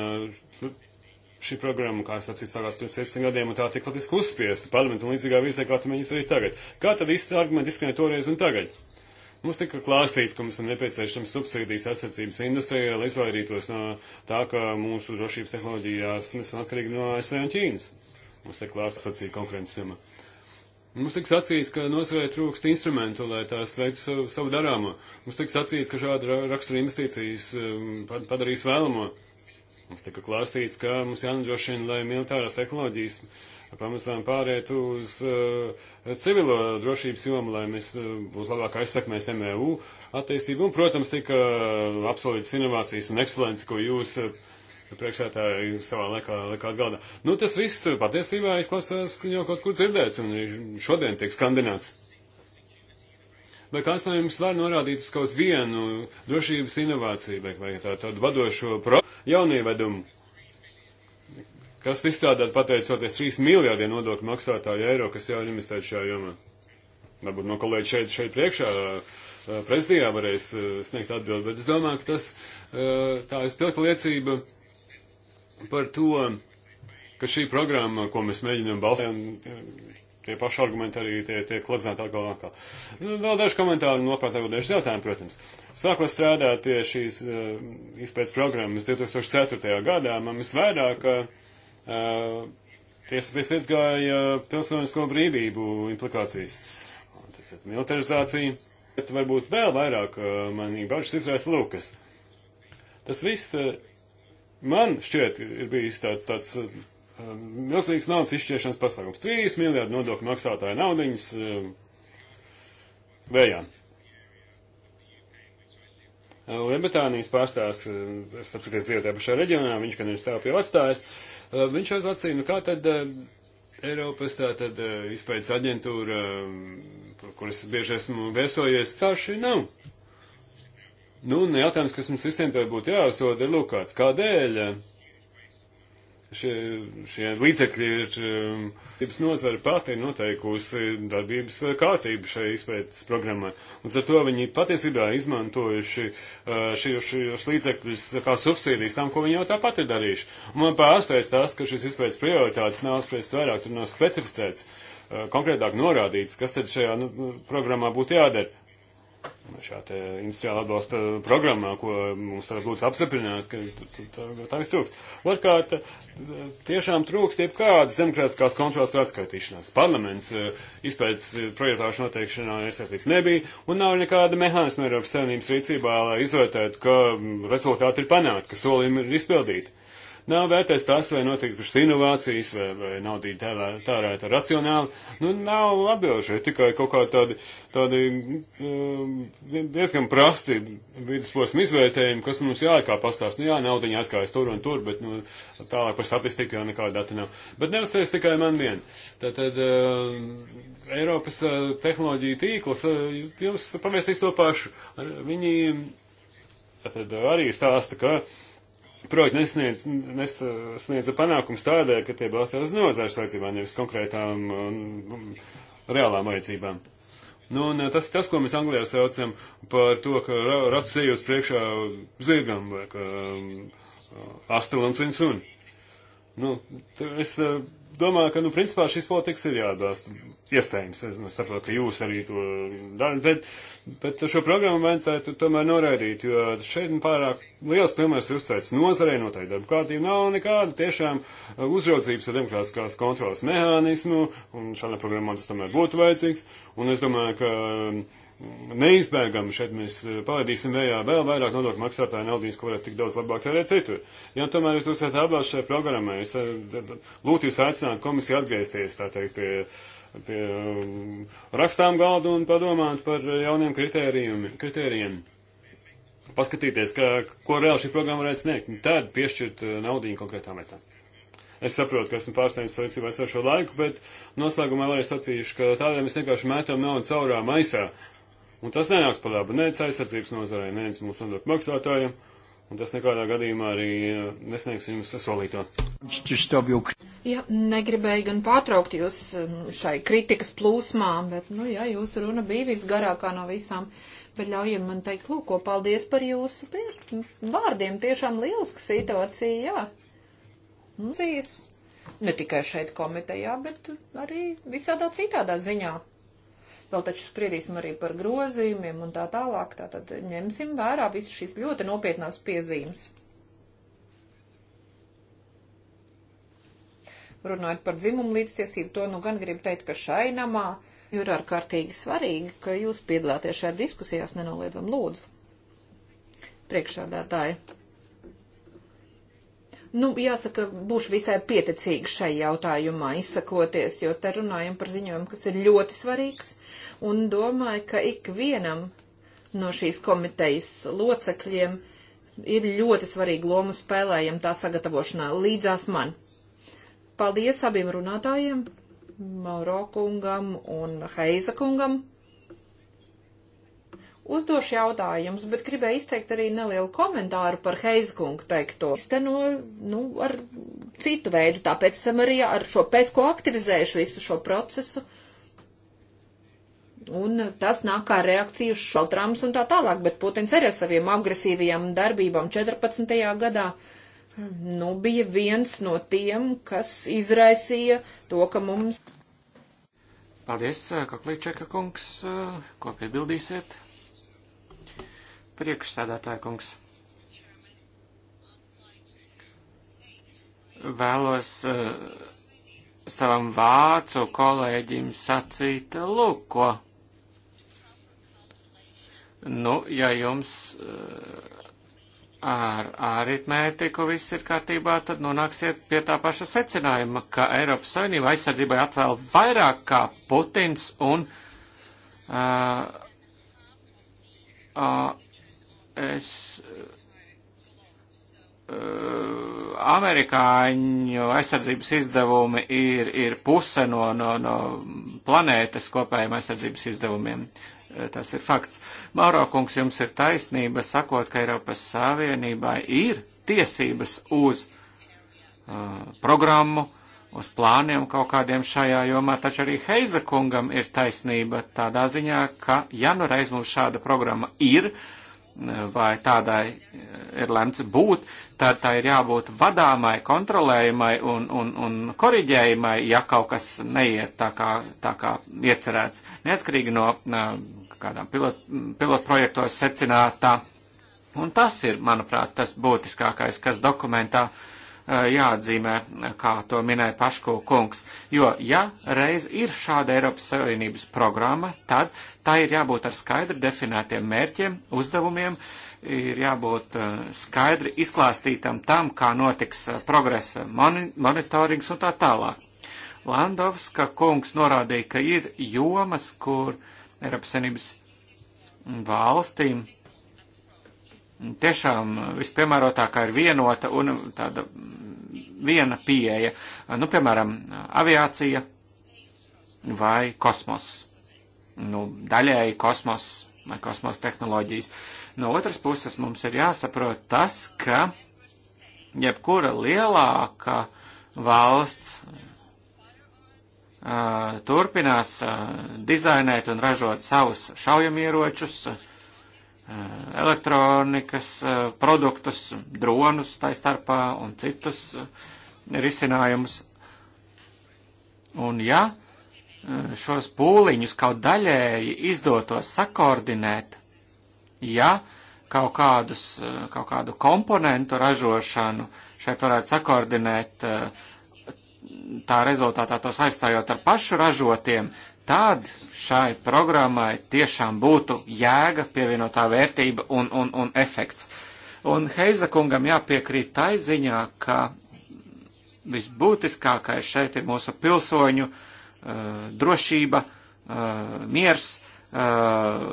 šī programma, kā es sacīju, sākāt pirms 15 gadiem, un tā tiek faktiski uzspiesta parlamentam līdzīgā visā, kā tu mēģini izdarīt tagad. Kā tad īsti argumenti izskanēja toreiz un tagad? Mums tika klāstīts, ka mums ir nepieciešams subsīdijas aizsardzības industrijā, lai izvairītos no tā, ka mūsu drošības tehnoloģijās nesam atkarīgi no ASV un Ķīnas. Mums tika klāstīts, sacīja konkurences jomā. Mums tika sacīts, ka nozarē trūkst instrumentu, lai tās veiktu savu, savu darāmo. Mums tika sacīts, ka šāda rakstura investīcijas um, padarīs vēlamo. Mums tika klāstīts, ka mums jānodrošina, lai militārās tehnoloģijas pamazām pārētu uz uh, civilo drošības jomu, lai mēs uh, būtu labāk aizsakmēs MEU attīstību. Un, protams, tika apsolītas inovācijas un ekscelences, ko jūs uh, eh, priekšētāji savā laikā likāt galdā. Nu, tas viss patiesībā izklausās, ka jau kaut kur dzirdēts un šodien tiek skandināts. Vai kāds no jums var norādīt uz kaut vienu drošības inovāciju vai, vai tā, tādu vadošo pro jaunievedumu, kas izstrādāt pateicoties 3 miljārdiem nodokļu maksātāju eiro, kas jau ir investēti šajā jomā? Varbūt no kolēģi šeit, šeit priekšā prezidijā varēs sniegt atbildi, bet es domāju, ka tas tā ir spilgta liecība par to, ka šī programma, ko mēs mēģinām balstīt, tie paši argumenti arī tiek tie kladzināti atkal un atkal. Nu, vēl daži komentāri noprātā vēl daži jautājumi, protams. Sākot strādāt pie šīs uh, izpētes programmas 2004. gadā, man visvairāk, ka uh, eh, eh, tiesa piesiedzgāja pilsonisko brīvību implikācijas. Tātad militarizācija, bet varbūt vēl vairāk uh, manī bažas izraisa Lukas. Tas viss uh, man šķiet ir bijis tāds, tāds Um, milzīgs naudas izšķiešanas pasākums. 3 miljardi nodokļu maksātāju naudiņas um, vējā. Uh, Lielbritānijas pārstāvs, um, es apskaties dzīvotāju pašā reģionā, viņš, kad ir stāv pie atstājis, uh, viņš jau sacīja, nu kā tad uh, Eiropas tātad izpējas aģentūra, kuras bieži esmu viesojies, kā šī nav. Nu, un jautājums, kas mums visiem te būtu jāuzdod, ir lūkāts, kādēļ šie, šie līdzekļi ir,ības nozara pati ir noteikusi darbības kārtību šai izpētes programmai. Un ar to viņi patiesībā izmantojuši uh, šos līdzekļus kā subsīdijas tam, ko viņi jau tāpat ir darījuši. Un man pārsteidz tas, ka šis izpētes prioritātes nav spriest vairāk, tur nav specificēts, uh, konkrētāk norādīts, kas tad šajā nu, programmā būtu jādara šā te industriāla atbalsta programmā, ko mums tagad lūdzu apstiprināt, ka tā viss trūkst. Otrkārt, tiešām trūkst jebkādas demokrātiskās kontrolas un atskaitīšanās. Parlaments eh, izpēc eh, projektāšu noteikšanā iesaistīts nebija, un nav nekāda mehānisma Eiropas Savienības rīcībā, lai izvērtētu, ka mm, rezultāti ir panākti, ka solījumi ir izpildīti. Nav vērtēts tas, vai notikušas inovācijas, vai, vai naudīja tērēta racionāli. Nu, nav atbilžē, tikai kaut kā tādi, tādi um, diezgan prasti vidusposma izvērtējumi, kas mums jāikā pastāst. Nu, jā, naudiņa aizkājas tur un tur, bet nu, tālāk par statistiku jau nekāda data nav. Bet neuzties tikai man vien. Tātad um, Eiropas uh, tehnoloģija tīkls uh, jums pavēstīs to pašu. Viņi tātad arī stāsta, ka projekti nesniedz, nesniedza panākums tādēļ, ka tie balstās uz nozars vajadzībām, nevis konkrētām um, um reālām vajadzībām. Nu, un uh, tas, tas, ko mēs Anglijā saucam par to, ka ra rats ejot priekšā zirgam vai ka um, uh, astrolams un suni. Nu, es uh, domāju, ka, nu, principā šīs politikas ir jāatbalsta. Iespējams, es, es saprotu, ka jūs arī to darat, bet, bet šo programmu vajadzētu tomēr noraidīt, jo šeit nu, pārāk liels pilnvērs ir uzsvērts nozarē noteikti darba kārtība. Nav nekāda tiešām uh, uzraudzības ar demokrātiskās kontrolas mehānismu, un šādam programmam tas tomēr būtu vajadzīgs. Un es domāju, ka um, neizbēgami. Šeit mēs eh, palaidīsim vējā vēl vairāk nodokļu maksātāju naudas, ko varētu tik daudz labāk tērēt citur. Ja tomēr jūs uzskatāt abās šajā programmā, es eh, lūgtu jūs aicināt komisiju atgriezties, tā teikt, pie, pie um, rakstām galdu un padomāt par jauniem kritērijiem. Paskatīties, ka, ko reāli šī programma varētu sniegt, tad piešķirt eh, naudu konkrētām lietām. Es saprotu, ka esmu pārsniedzis saistībā ar šo laiku, bet noslēgumā vēlreiz sacīšu, ka tādēļ mēs vienkārši mētam naudu caurā maisā, Un tas nenāks par labu nec aizsardzības nozarei, nec mūsu nodokļu maksātājiem, un tas nekādā gadījumā arī eh, nesniegs jums solīto. Jā, negribēju gan pārtraukt jūs um, šai kritikas plūsmā, bet, nu jā, jūsu runa bija visgarākā no visām. Bet ļaujiet man teikt, lūk, paldies par jūsu vārdiem. Tiešām lieliska situācija, jā. Mums ir ne tikai šeit komitejā, bet arī visādā citādā ziņā. Vēl taču spriedīsim arī par grozījumiem un tā tālāk. Tātad ņemsim vērā visas šīs ļoti nopietnās piezīmes. Runājot par dzimumu līdztiesību, to nu gan gribu teikt, ka šai namā ir ārkārtīgi svarīgi, ka jūs piedalāties šajā diskusijās nenoliedzam lūdzu. Priekšādātāji. Nu, jāsaka, būšu visai pieticīgi šai jautājumā izsakoties, jo te runājam par ziņojumu, kas ir ļoti svarīgs, un domāju, ka ikvienam no šīs komitejas locekļiem ir ļoti svarīga loma spēlējam tā sagatavošanā līdzās man. Paldies abiem runātājiem, Mauro kungam un Heiza kungam uzdošu jautājumus, bet gribēju izteikt arī nelielu komentāru par Heizkungu teikto. Es te no, nu, ar citu veidu, tāpēc esam arī ar šo pēcko aktivizējuši visu šo procesu. Un tas nāk kā reakcija uz šaltrāmas un tā tālāk, bet Putins arī ar saviem agresīvajām darbībām 14. gadā, nu, bija viens no tiem, kas izraisīja to, ka mums. Paldies, Kaklīčeka kungs, ko piebildīsiet? Priekšsēdētāja kungs. Vēlos uh, savam vācu kolēģim sacīt, lūk, ko. Nu, ja jums uh, ar āritmētiku viss ir kārtībā, tad nonāksiet pie tā paša secinājuma, ka Eiropas Savienība aizsardzībai atvēl vairāk kā Putins un uh, uh, es eh, amerikāņu aizsardzības izdevumi ir, ir puse no, no, no planētas kopējiem aizsardzības izdevumiem. Eh, tas ir fakts. Mauro kungs, jums ir taisnība sakot, ka Eiropas Savienībai ir tiesības uz uh, programmu, uz plāniem kaut kādiem šajā jomā, taču arī Heiza kungam ir taisnība tādā ziņā, ka ja nu reiz mums šāda programma ir, uh, vai tādai eh, ir lemts būt, tad tā ir jābūt vadāmai, kontrolējumai un, un, un koriģējumai, ja kaut kas neiet tā kā, tā kā iecerēts, neatkarīgi no kādām pilot, pilotprojektos secinātā. Un tas ir, manuprāt, tas būtiskākais, kas dokumentā uh, jāatzīmē, kā to minēja Paško kungs. Jo, ja reiz ir šāda Eiropas Savienības programma, tad tā ir jābūt ar skaidri definētiem mērķiem, uzdevumiem, ir jābūt skaidri izklāstītam tam, kā notiks progresa moni monitorings un tā tālāk. Landovska kungs norādīja, ka ir jomas, kur Eiropas Savienības valstīm tiešām vispiemērotākā ir vienota un tāda viena pieeja, nu, piemēram, aviācija vai kosmos. Nu, daļēji kosmos vai kosmos tehnoloģijas. No otras puses mums ir jāsaprot tas, ka jebkura lielāka valsts uh, turpinās uh, dizainēt un ražot savus šaujamieročus, uh, Eh, elektronikas eh, produktus, dronus taistarpā un citus eh, risinājumus. Un ja šos pūliņus kaut daļēji izdotos sakoordinēt, ja kaut, kādus, kaut kādu komponentu ražošanu šeit varētu sakoordinēt, tā rezultātā tos aizstājot ar pašu ražotiem, tad šai programmai tiešām būtu jēga, pievienotā vērtība un, un, un efekts. Un Heiza kungam jāpiekrīt tai ziņā, ka visbūtiskākais šeit ir mūsu pilsoņu uh, drošība, uh, miers, uh,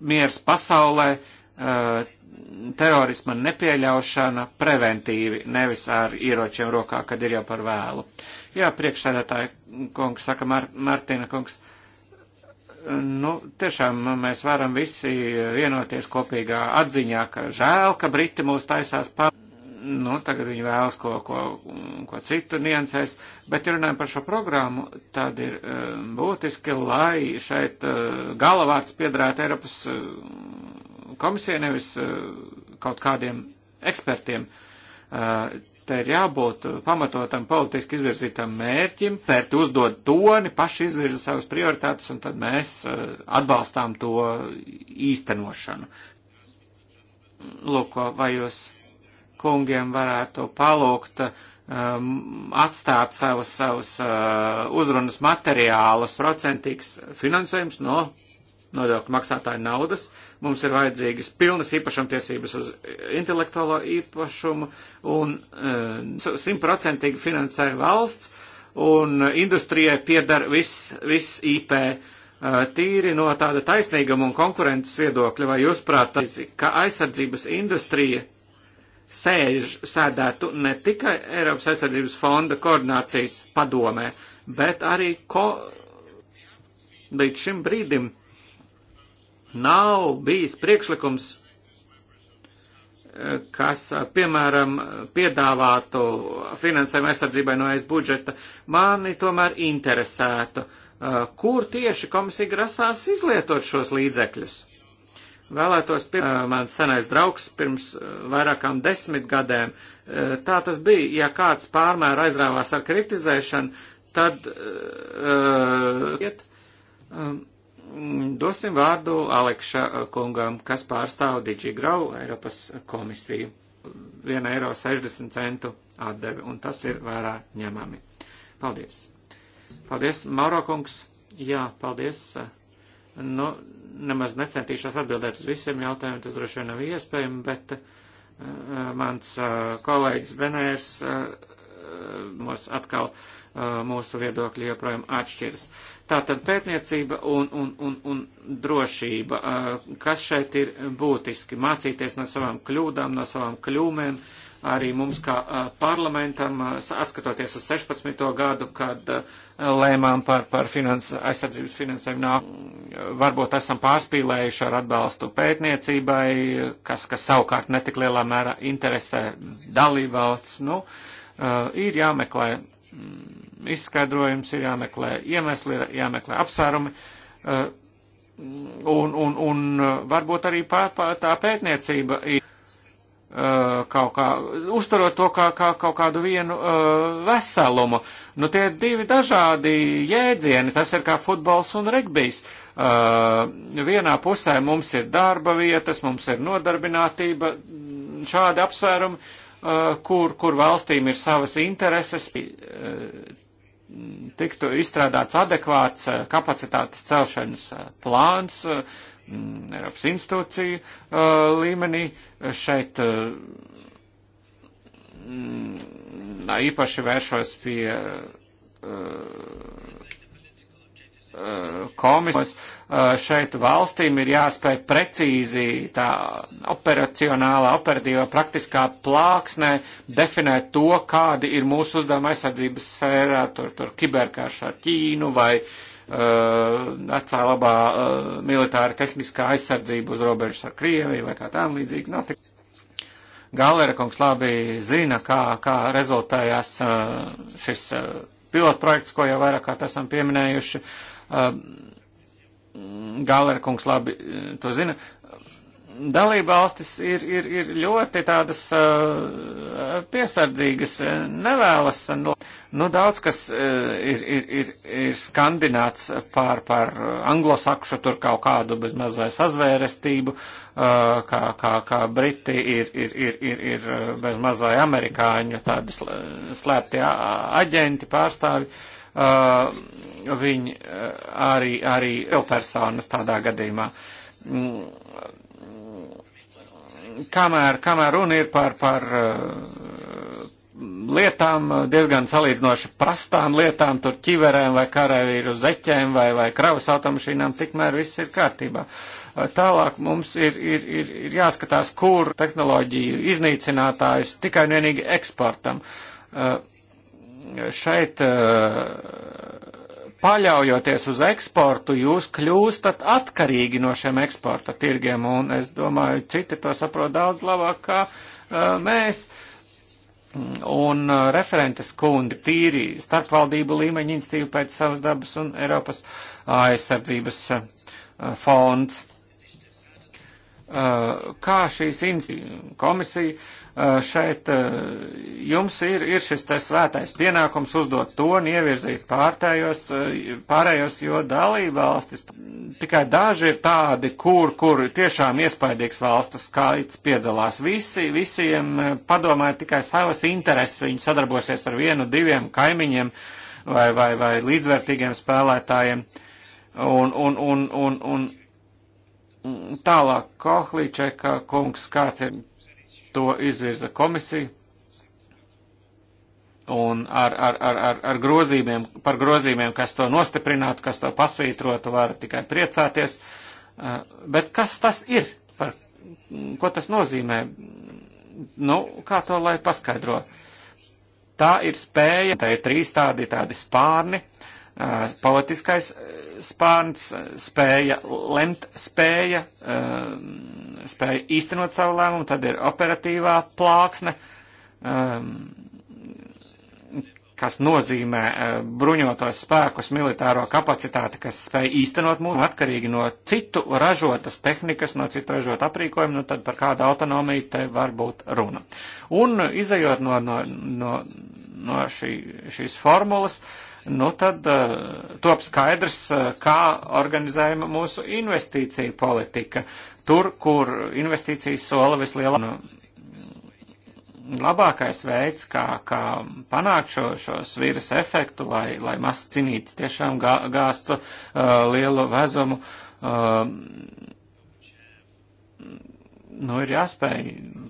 miers pasaulē, uh, Eh, terorisma nepieļaušana preventīvi, nevis ar ieročiem rokā, kad ir jau par vēlu. Jā, priekšsēdētāji kungs, saka Mart Martina kungs, nu, tiešām mēs varam visi vienoties kopīgā atziņā, ka žēl, ka Briti mūs taisās pār. Nu, tagad viņi vēlas ko, ko, ko citu niansēs, bet ja runājam par šo programmu, tad ir eh, būtiski, lai šeit eh, galvārds piedrētu Eiropas komisijai, nevis eh, kaut kādiem ekspertiem. Eh, te ir jābūt pamatotam politiski izvirzītam mērķim, pērti uzdod toni, paši izvirza savas prioritātes, un tad mēs eh, atbalstām to īstenošanu. Lūk, vai jūs kungiem varētu palūgt um, atstāt savus, savus uh, uzrunas materiālus, procentīgs finansējums no nodokļu maksātāju naudas, mums ir vajadzīgas pilnas īpašumtiesības uz intelektuālo īpašumu un eh, simtprocentīgi uh, finansē valsts, un industrijai piedara viss vis IP. Uh, eh, tīri no tāda taisnīguma un konkurences viedokļa, vai jūs prāt, ka aizsardzības industrija sēž, sēdētu ne tikai Eiropas aizsardzības fonda koordinācijas padomē, bet arī ko, līdz šim brīdim nav bijis priekšlikums, eh, kas, eh, piemēram, piedāvātu finansējumu aizsardzībai no es budžeta, mani tomēr interesētu, eh, kur tieši komisija grasās izlietot šos līdzekļus. Vēlētos, piemēram, mans senais draugs pirms vairākām desmit gadēm, tā tas bija, ja kāds pārmēr aizrāvās ar kritizēšanu, tad uh, iet. Um, Mm, dosim vārdu Alekša eh, kungam, kas pārstāv DigiGrau Eiropas komisiju. 1,60 eiro atdevi, un tas ir vērā ņemami. Paldies! Paldies, Mauro kungs! Jā, paldies! Nu, nemaz necentīšos atbildēt uz visiem jautājumiem, tas droši vien nav iespējams, bet uh, mans uh, kolēģis Benērs uh, mums atkal mūsu viedokļi joprojām atšķiras. Tātad pētniecība un, un, un, un drošība, kas šeit ir būtiski, mācīties no savām kļūdām, no savām kļūmēm, arī mums kā parlamentam, atskatoties uz 16. gadu, kad lēmām par, par finans, aizsardzības finansējumu nāk, varbūt esam pārspīlējuši ar atbalstu pētniecībai, kas, kas savukārt netik lielā mērā interesē dalībvalsts. Nu, uh, Eh, ir jāmeklē mm, izskaidrojums, ir jāmeklē iemesli, ir jāmeklē apsvērumi. Eh, un, un, un eh, varbūt arī pā, pā, tā pētniecība ir kaut kā, uzturot to kā, kā kaut kādu vienu uh, veselumu. Nu, tie ir divi dažādi jēdzieni, tas ir kā futbols un regbijs. Uh, vienā pusē mums ir darba vietas, mums ir nodarbinātība, mm, šādi apsvērumi, Eh, kur, kur valstīm ir savas intereses, eh, tiktu izstrādāts adekvāts eh, kapacitātes celšanas plāns Eiropas institūciju līmenī. Šeit īpaši vēršos pie Eh, komisijos eh, šeit valstīm ir jāspēj precīzi tā operacionālā, operatīvā, praktiskā plāksnē definēt to, kādi ir mūsu uzdevuma aizsardzības sfērā, tur, tur kiberkārš ar Ķīnu vai eh, vecā uh, labā uh, militāra tehniskā aizsardzība uz robežas ar Krieviju vai kā tām līdzīgi notika. Galera kungs labi zina, kā, kā rezultējās uh, šis pilotprojekts, ko jau vairāk kārt esam pieminējuši. Uh, Um, Galera kungs labi uh, to zina. Dalībvalstis ir, ir, ir ļoti tādas uh, piesardzīgas, uh, nevēlas, nu daudz kas ir, ir, ir, ir skandināts pār, pār anglosakšu tur kaut kādu bezmaz vai sazvērestību, kā, kā, kā briti ir, ir, ir, ir, ir bezmaz vai amerikāņu tādi slēptie aģenti pārstāvi. Uh, uh, viņi uh, arī, arī personas tādā gadījumā. Mm. Kamēr, kamēr runa ir par, par uh, lietām, diezgan salīdzinoši prastām lietām, tur ķiverēm vai karavīru zeķēm vai, vai kravas automašīnām, tikmēr viss ir kārtībā. Uh, tālāk mums ir, ir, ir, ir jāskatās, kur tehnoloģiju iznīcinātājus tikai un vienīgi eksportam. Uh, šeit eh, paļaujoties uz eksportu, jūs kļūstat atkarīgi no šiem eksporta tirgiem, un es domāju, citi to saprot daudz labāk kā eh, mēs. Un eh, referentes kundi tīri starpvaldību līmeņa institīva pēc savas dabas un Eiropas aizsardzības fonds. Kā šīs komisija Eh, šeit eh, jums ir, ir šis te svētais pienākums uzdot toni, ievirzīt pārtējos, eh, pārējos, jo dalība valstis tikai daži ir tādi, kur, kur tiešām iespaidīgs valstu skaits piedalās. Visi, visiem padomāja tikai savas intereses, viņi sadarbosies ar vienu, diviem kaimiņiem vai, vai, vai līdzvērtīgiem spēlētājiem. Un, un, un, un, un, Tālāk, Kohlīčeka kungs, kāds ir to izvirza komisija. Un ar, ar, ar, ar, ar grozījumiem, par grozījumiem, kas to nostiprinātu, kas to pasvītrotu, var tikai priecāties. Eh, bet kas tas ir? Par, ko tas nozīmē? Nu, kā to lai paskaidro? Tā ir spēja, tā ir trīs tādi, tādi spārni, eh, politiskais eh, spārns, spēja lemt, spēja, spēja īstenot savu lēmumu, tad ir operatīvā plāksne, um, kas nozīmē uh, bruņotos spēkus, militāro kapacitāti, kas spēja īstenot mūsu atkarīgi no citu ražotas tehnikas, no citu ražot aprīkojumu, nu tad par kādu autonomiju te var būt runa. Un izējot no, no, no, no šī, šīs formulas, nu tad uh, top skaidrs, uh, kā organizējama mūsu investīcija politika tur, kur investīcijas sola vislielākā. Nu, labākais veids, kā, kā panākt šo, šos vīrus efektu, lai, lai mazs cinītis tiešām gā, gāstu uh, lielu vezumu, uh, nu, ir jāspēj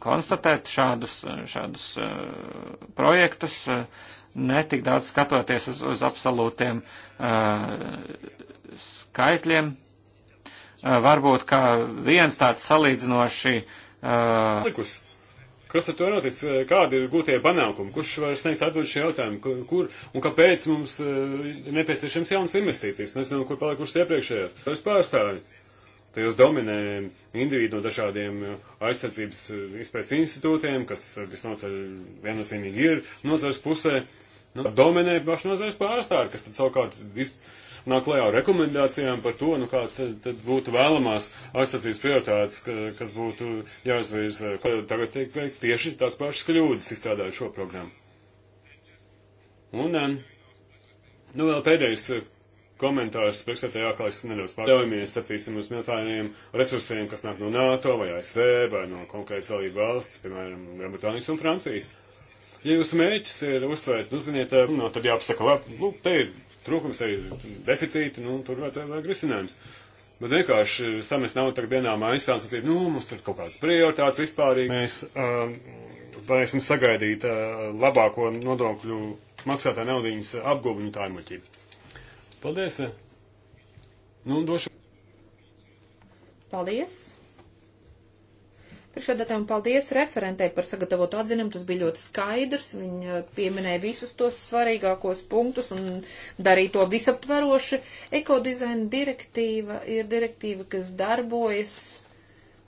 konstatēt šādus, šādus uh, projektus, uh, netik daudz skatoties uz, uz absolūtiem uh, skaitļiem. Uh, Eh, varbūt kā viens tāds salīdzinoši. Uh... Likus. Kas ar to ir noticis? Kādi ir gūtie panākumi? Kurš var sniegt atbildi šajā jautājumā? Kur un kāpēc mums ir eh, nepieciešams jaunas investīcijas? Nezinu, kur palikušas iepriekšējās. Tas pārstāvi. Tajos dominē individu no dažādiem aizsardzības izpētes institūtiem, kas visnotaļ viennozīmīgi ir nozars pusē. Nu, dominē paši nozars pārstāvi, kas tad savukārt vispār nāk klajā ar rekomendācijām par to, nu kāds tad, tad būtu vēlamās aizsardzības prioritātes, ka, kas būtu jāizvirz, eh, ka tagad tiek veikts tieši tās pašas kļūdas izstrādājot šo programmu. Un, nu, vēl pēdējais eh, komentārs priekšsētājā, kā es nedaudz pārdevamies, sacīsim uz militāriem resursiem, kas nāk no NATO vai ASV vai no konkrētas dalību valsts, piemēram, Lielbritānijas un Francijas. Ja jūsu mērķis ir uzsvērt, nu, ziniet, eh, nu, tad jāpasaka, labi, nu, te ir trūkums, arī deficīti, nu, tur vajadzētu vajag risinājums. Bet vienkārši samest nav tagad vienā maisā un sacīt, nu, mums tur kaut kādas prioritātes vispārīgi. Mēs uh, varēsim sagaidīt uh, labāko nodokļu maksātā naudiņas apgūviņu tā ir muļķība. Paldies! Nu, došu. Paldies! priekšsēdētājiem, paldies referentei par sagatavotu atzinumu. Tas bija ļoti skaidrs. Viņa pieminēja visus tos svarīgākos punktus un darīja to visaptveroši. Ekodizaina direktīva ir direktīva, kas darbojas.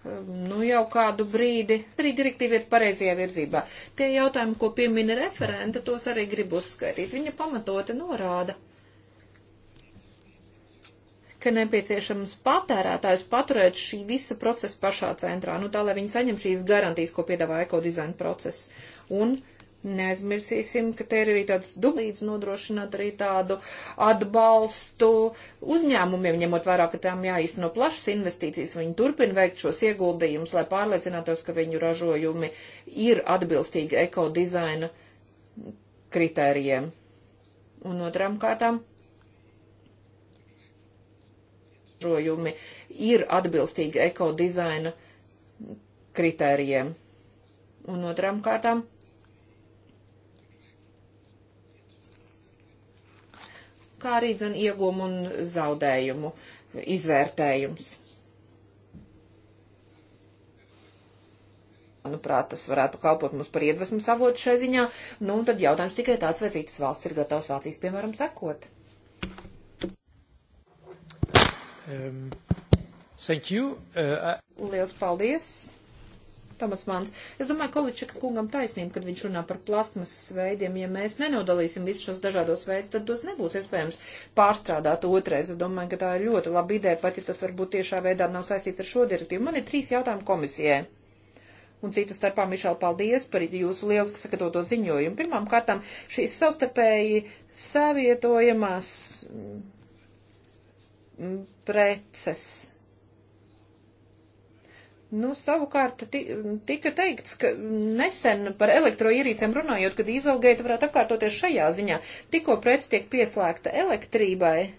Um, nu, jau kādu brīdi. Arī direktīva ir pareizajā virzībā. Tie jautājumi, ko piemina referenta, tos arī gribu uzskaitīt. Viņa pamatoti norāda ka nepieciešams patērētājs paturēt šī visa procesa pašā centrā, nu tā, lai viņi saņem šīs garantijas, ko piedāvā ekodizaina process. Un neaizmirsīsim, ka te ir arī tāds dublīts nodrošināt arī tādu atbalstu uzņēmumiem, ņemot vērā, ka tām jāīsteno plašas investīcijas, viņi turpina veikt šos ieguldījumus, lai pārliecinātos, ka viņu ražojumi ir atbilstīgi ekodizaina kritērijiem. Un otrām kārtām ražojumi ir atbilstīgi ekodizaina kritērijiem. Un otrām kārtām kā arī dzen iegūmu un zaudējumu izvērtējums. Manuprāt, tas varētu kalpot mums par iedvesmu savotu šai ziņā. Nu, un tad jautājums tikai tāds, vai citas valsts ir gatavas Vācijas, piemēram, sekot. Um, thank you. Uh, I... Liels paldies, Tomas Mans. Es domāju, Količaka kungam taisnība, kad viņš runā par plasmasas veidiem. Ja mēs nenodalīsim visus šos dažādos veidus, tad tos nebūs iespējams pārstrādāt otrais. Es domāju, ka tā ir ļoti laba ideja, pat ja tas varbūt tiešā veidā nav saistīts ar šo direktīvu. Man ir trīs jautājumi komisijai un citas starpā Mišela paldies par jūsu lielisku sagatavoto ziņojumu. Pirmām kārtām šīs savstarpēji savietojamās preces. Nu, savukārt tika teikts, ka nesen par elektroierīcēm runājot, kad izelgaita varētu atkārtoties šajā ziņā, tikko preci tiek pieslēgta elektrībai.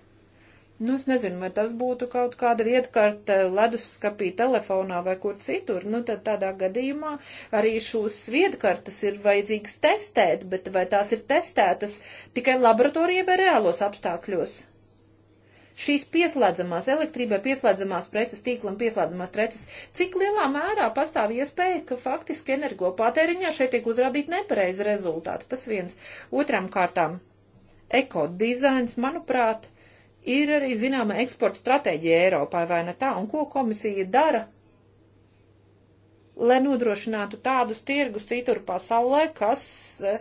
Nu, es nezinu, vai tas būtu kaut kāda vietkārta leduskapī telefonā vai kur citur. Nu, tad tādā gadījumā arī šūs vietkartas ir vajadzīgs testēt, bet vai tās ir testētas tikai laboratorijā vai reālos apstākļos? šīs pieslēdzamās elektrībai, pieslēdzamās preces tīklam, pieslēdzamās preces, cik lielā mērā pastāv iespēja, ka faktiski energo patēriņā šeit tiek uzrādīti nepareizi rezultāti. Tas viens. Otram kārtām, ekodizains, manuprāt, ir arī zināma eksporta stratēģija Eiropā, vai ne tā, un ko komisija dara, lai nodrošinātu tādus tirgus citur pasaulē, kas eh,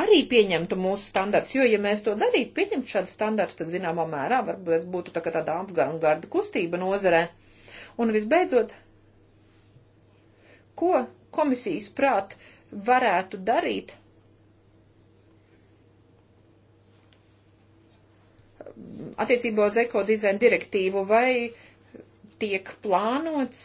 arī pieņemtu mūsu standarts. Jo, ja mēs to darītu, pieņemt šādu standartu, tad zināmā mērā varbūt būtu tā kā tāda apgarda kustība nozarē. Un visbeidzot, ko komisijas prāt varētu darīt, attiecībā uz ekodizaina direktīvu, vai tiek plānots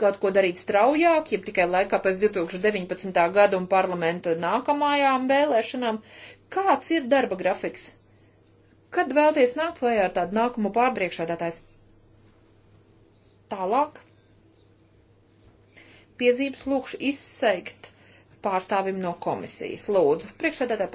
kaut ko darīt straujāk, ja tikai laikā pēc 2019. gada un parlamenta nākamajām vēlēšanām. Kāds ir darba grafiks? Kad vēlties nākt klajā ar tādu nākamo pārpriekšādātājs? Tālāk. Piezīmes lūkšu izseikt pārstāvim no komisijas. Lūdzu, priekšādātāji,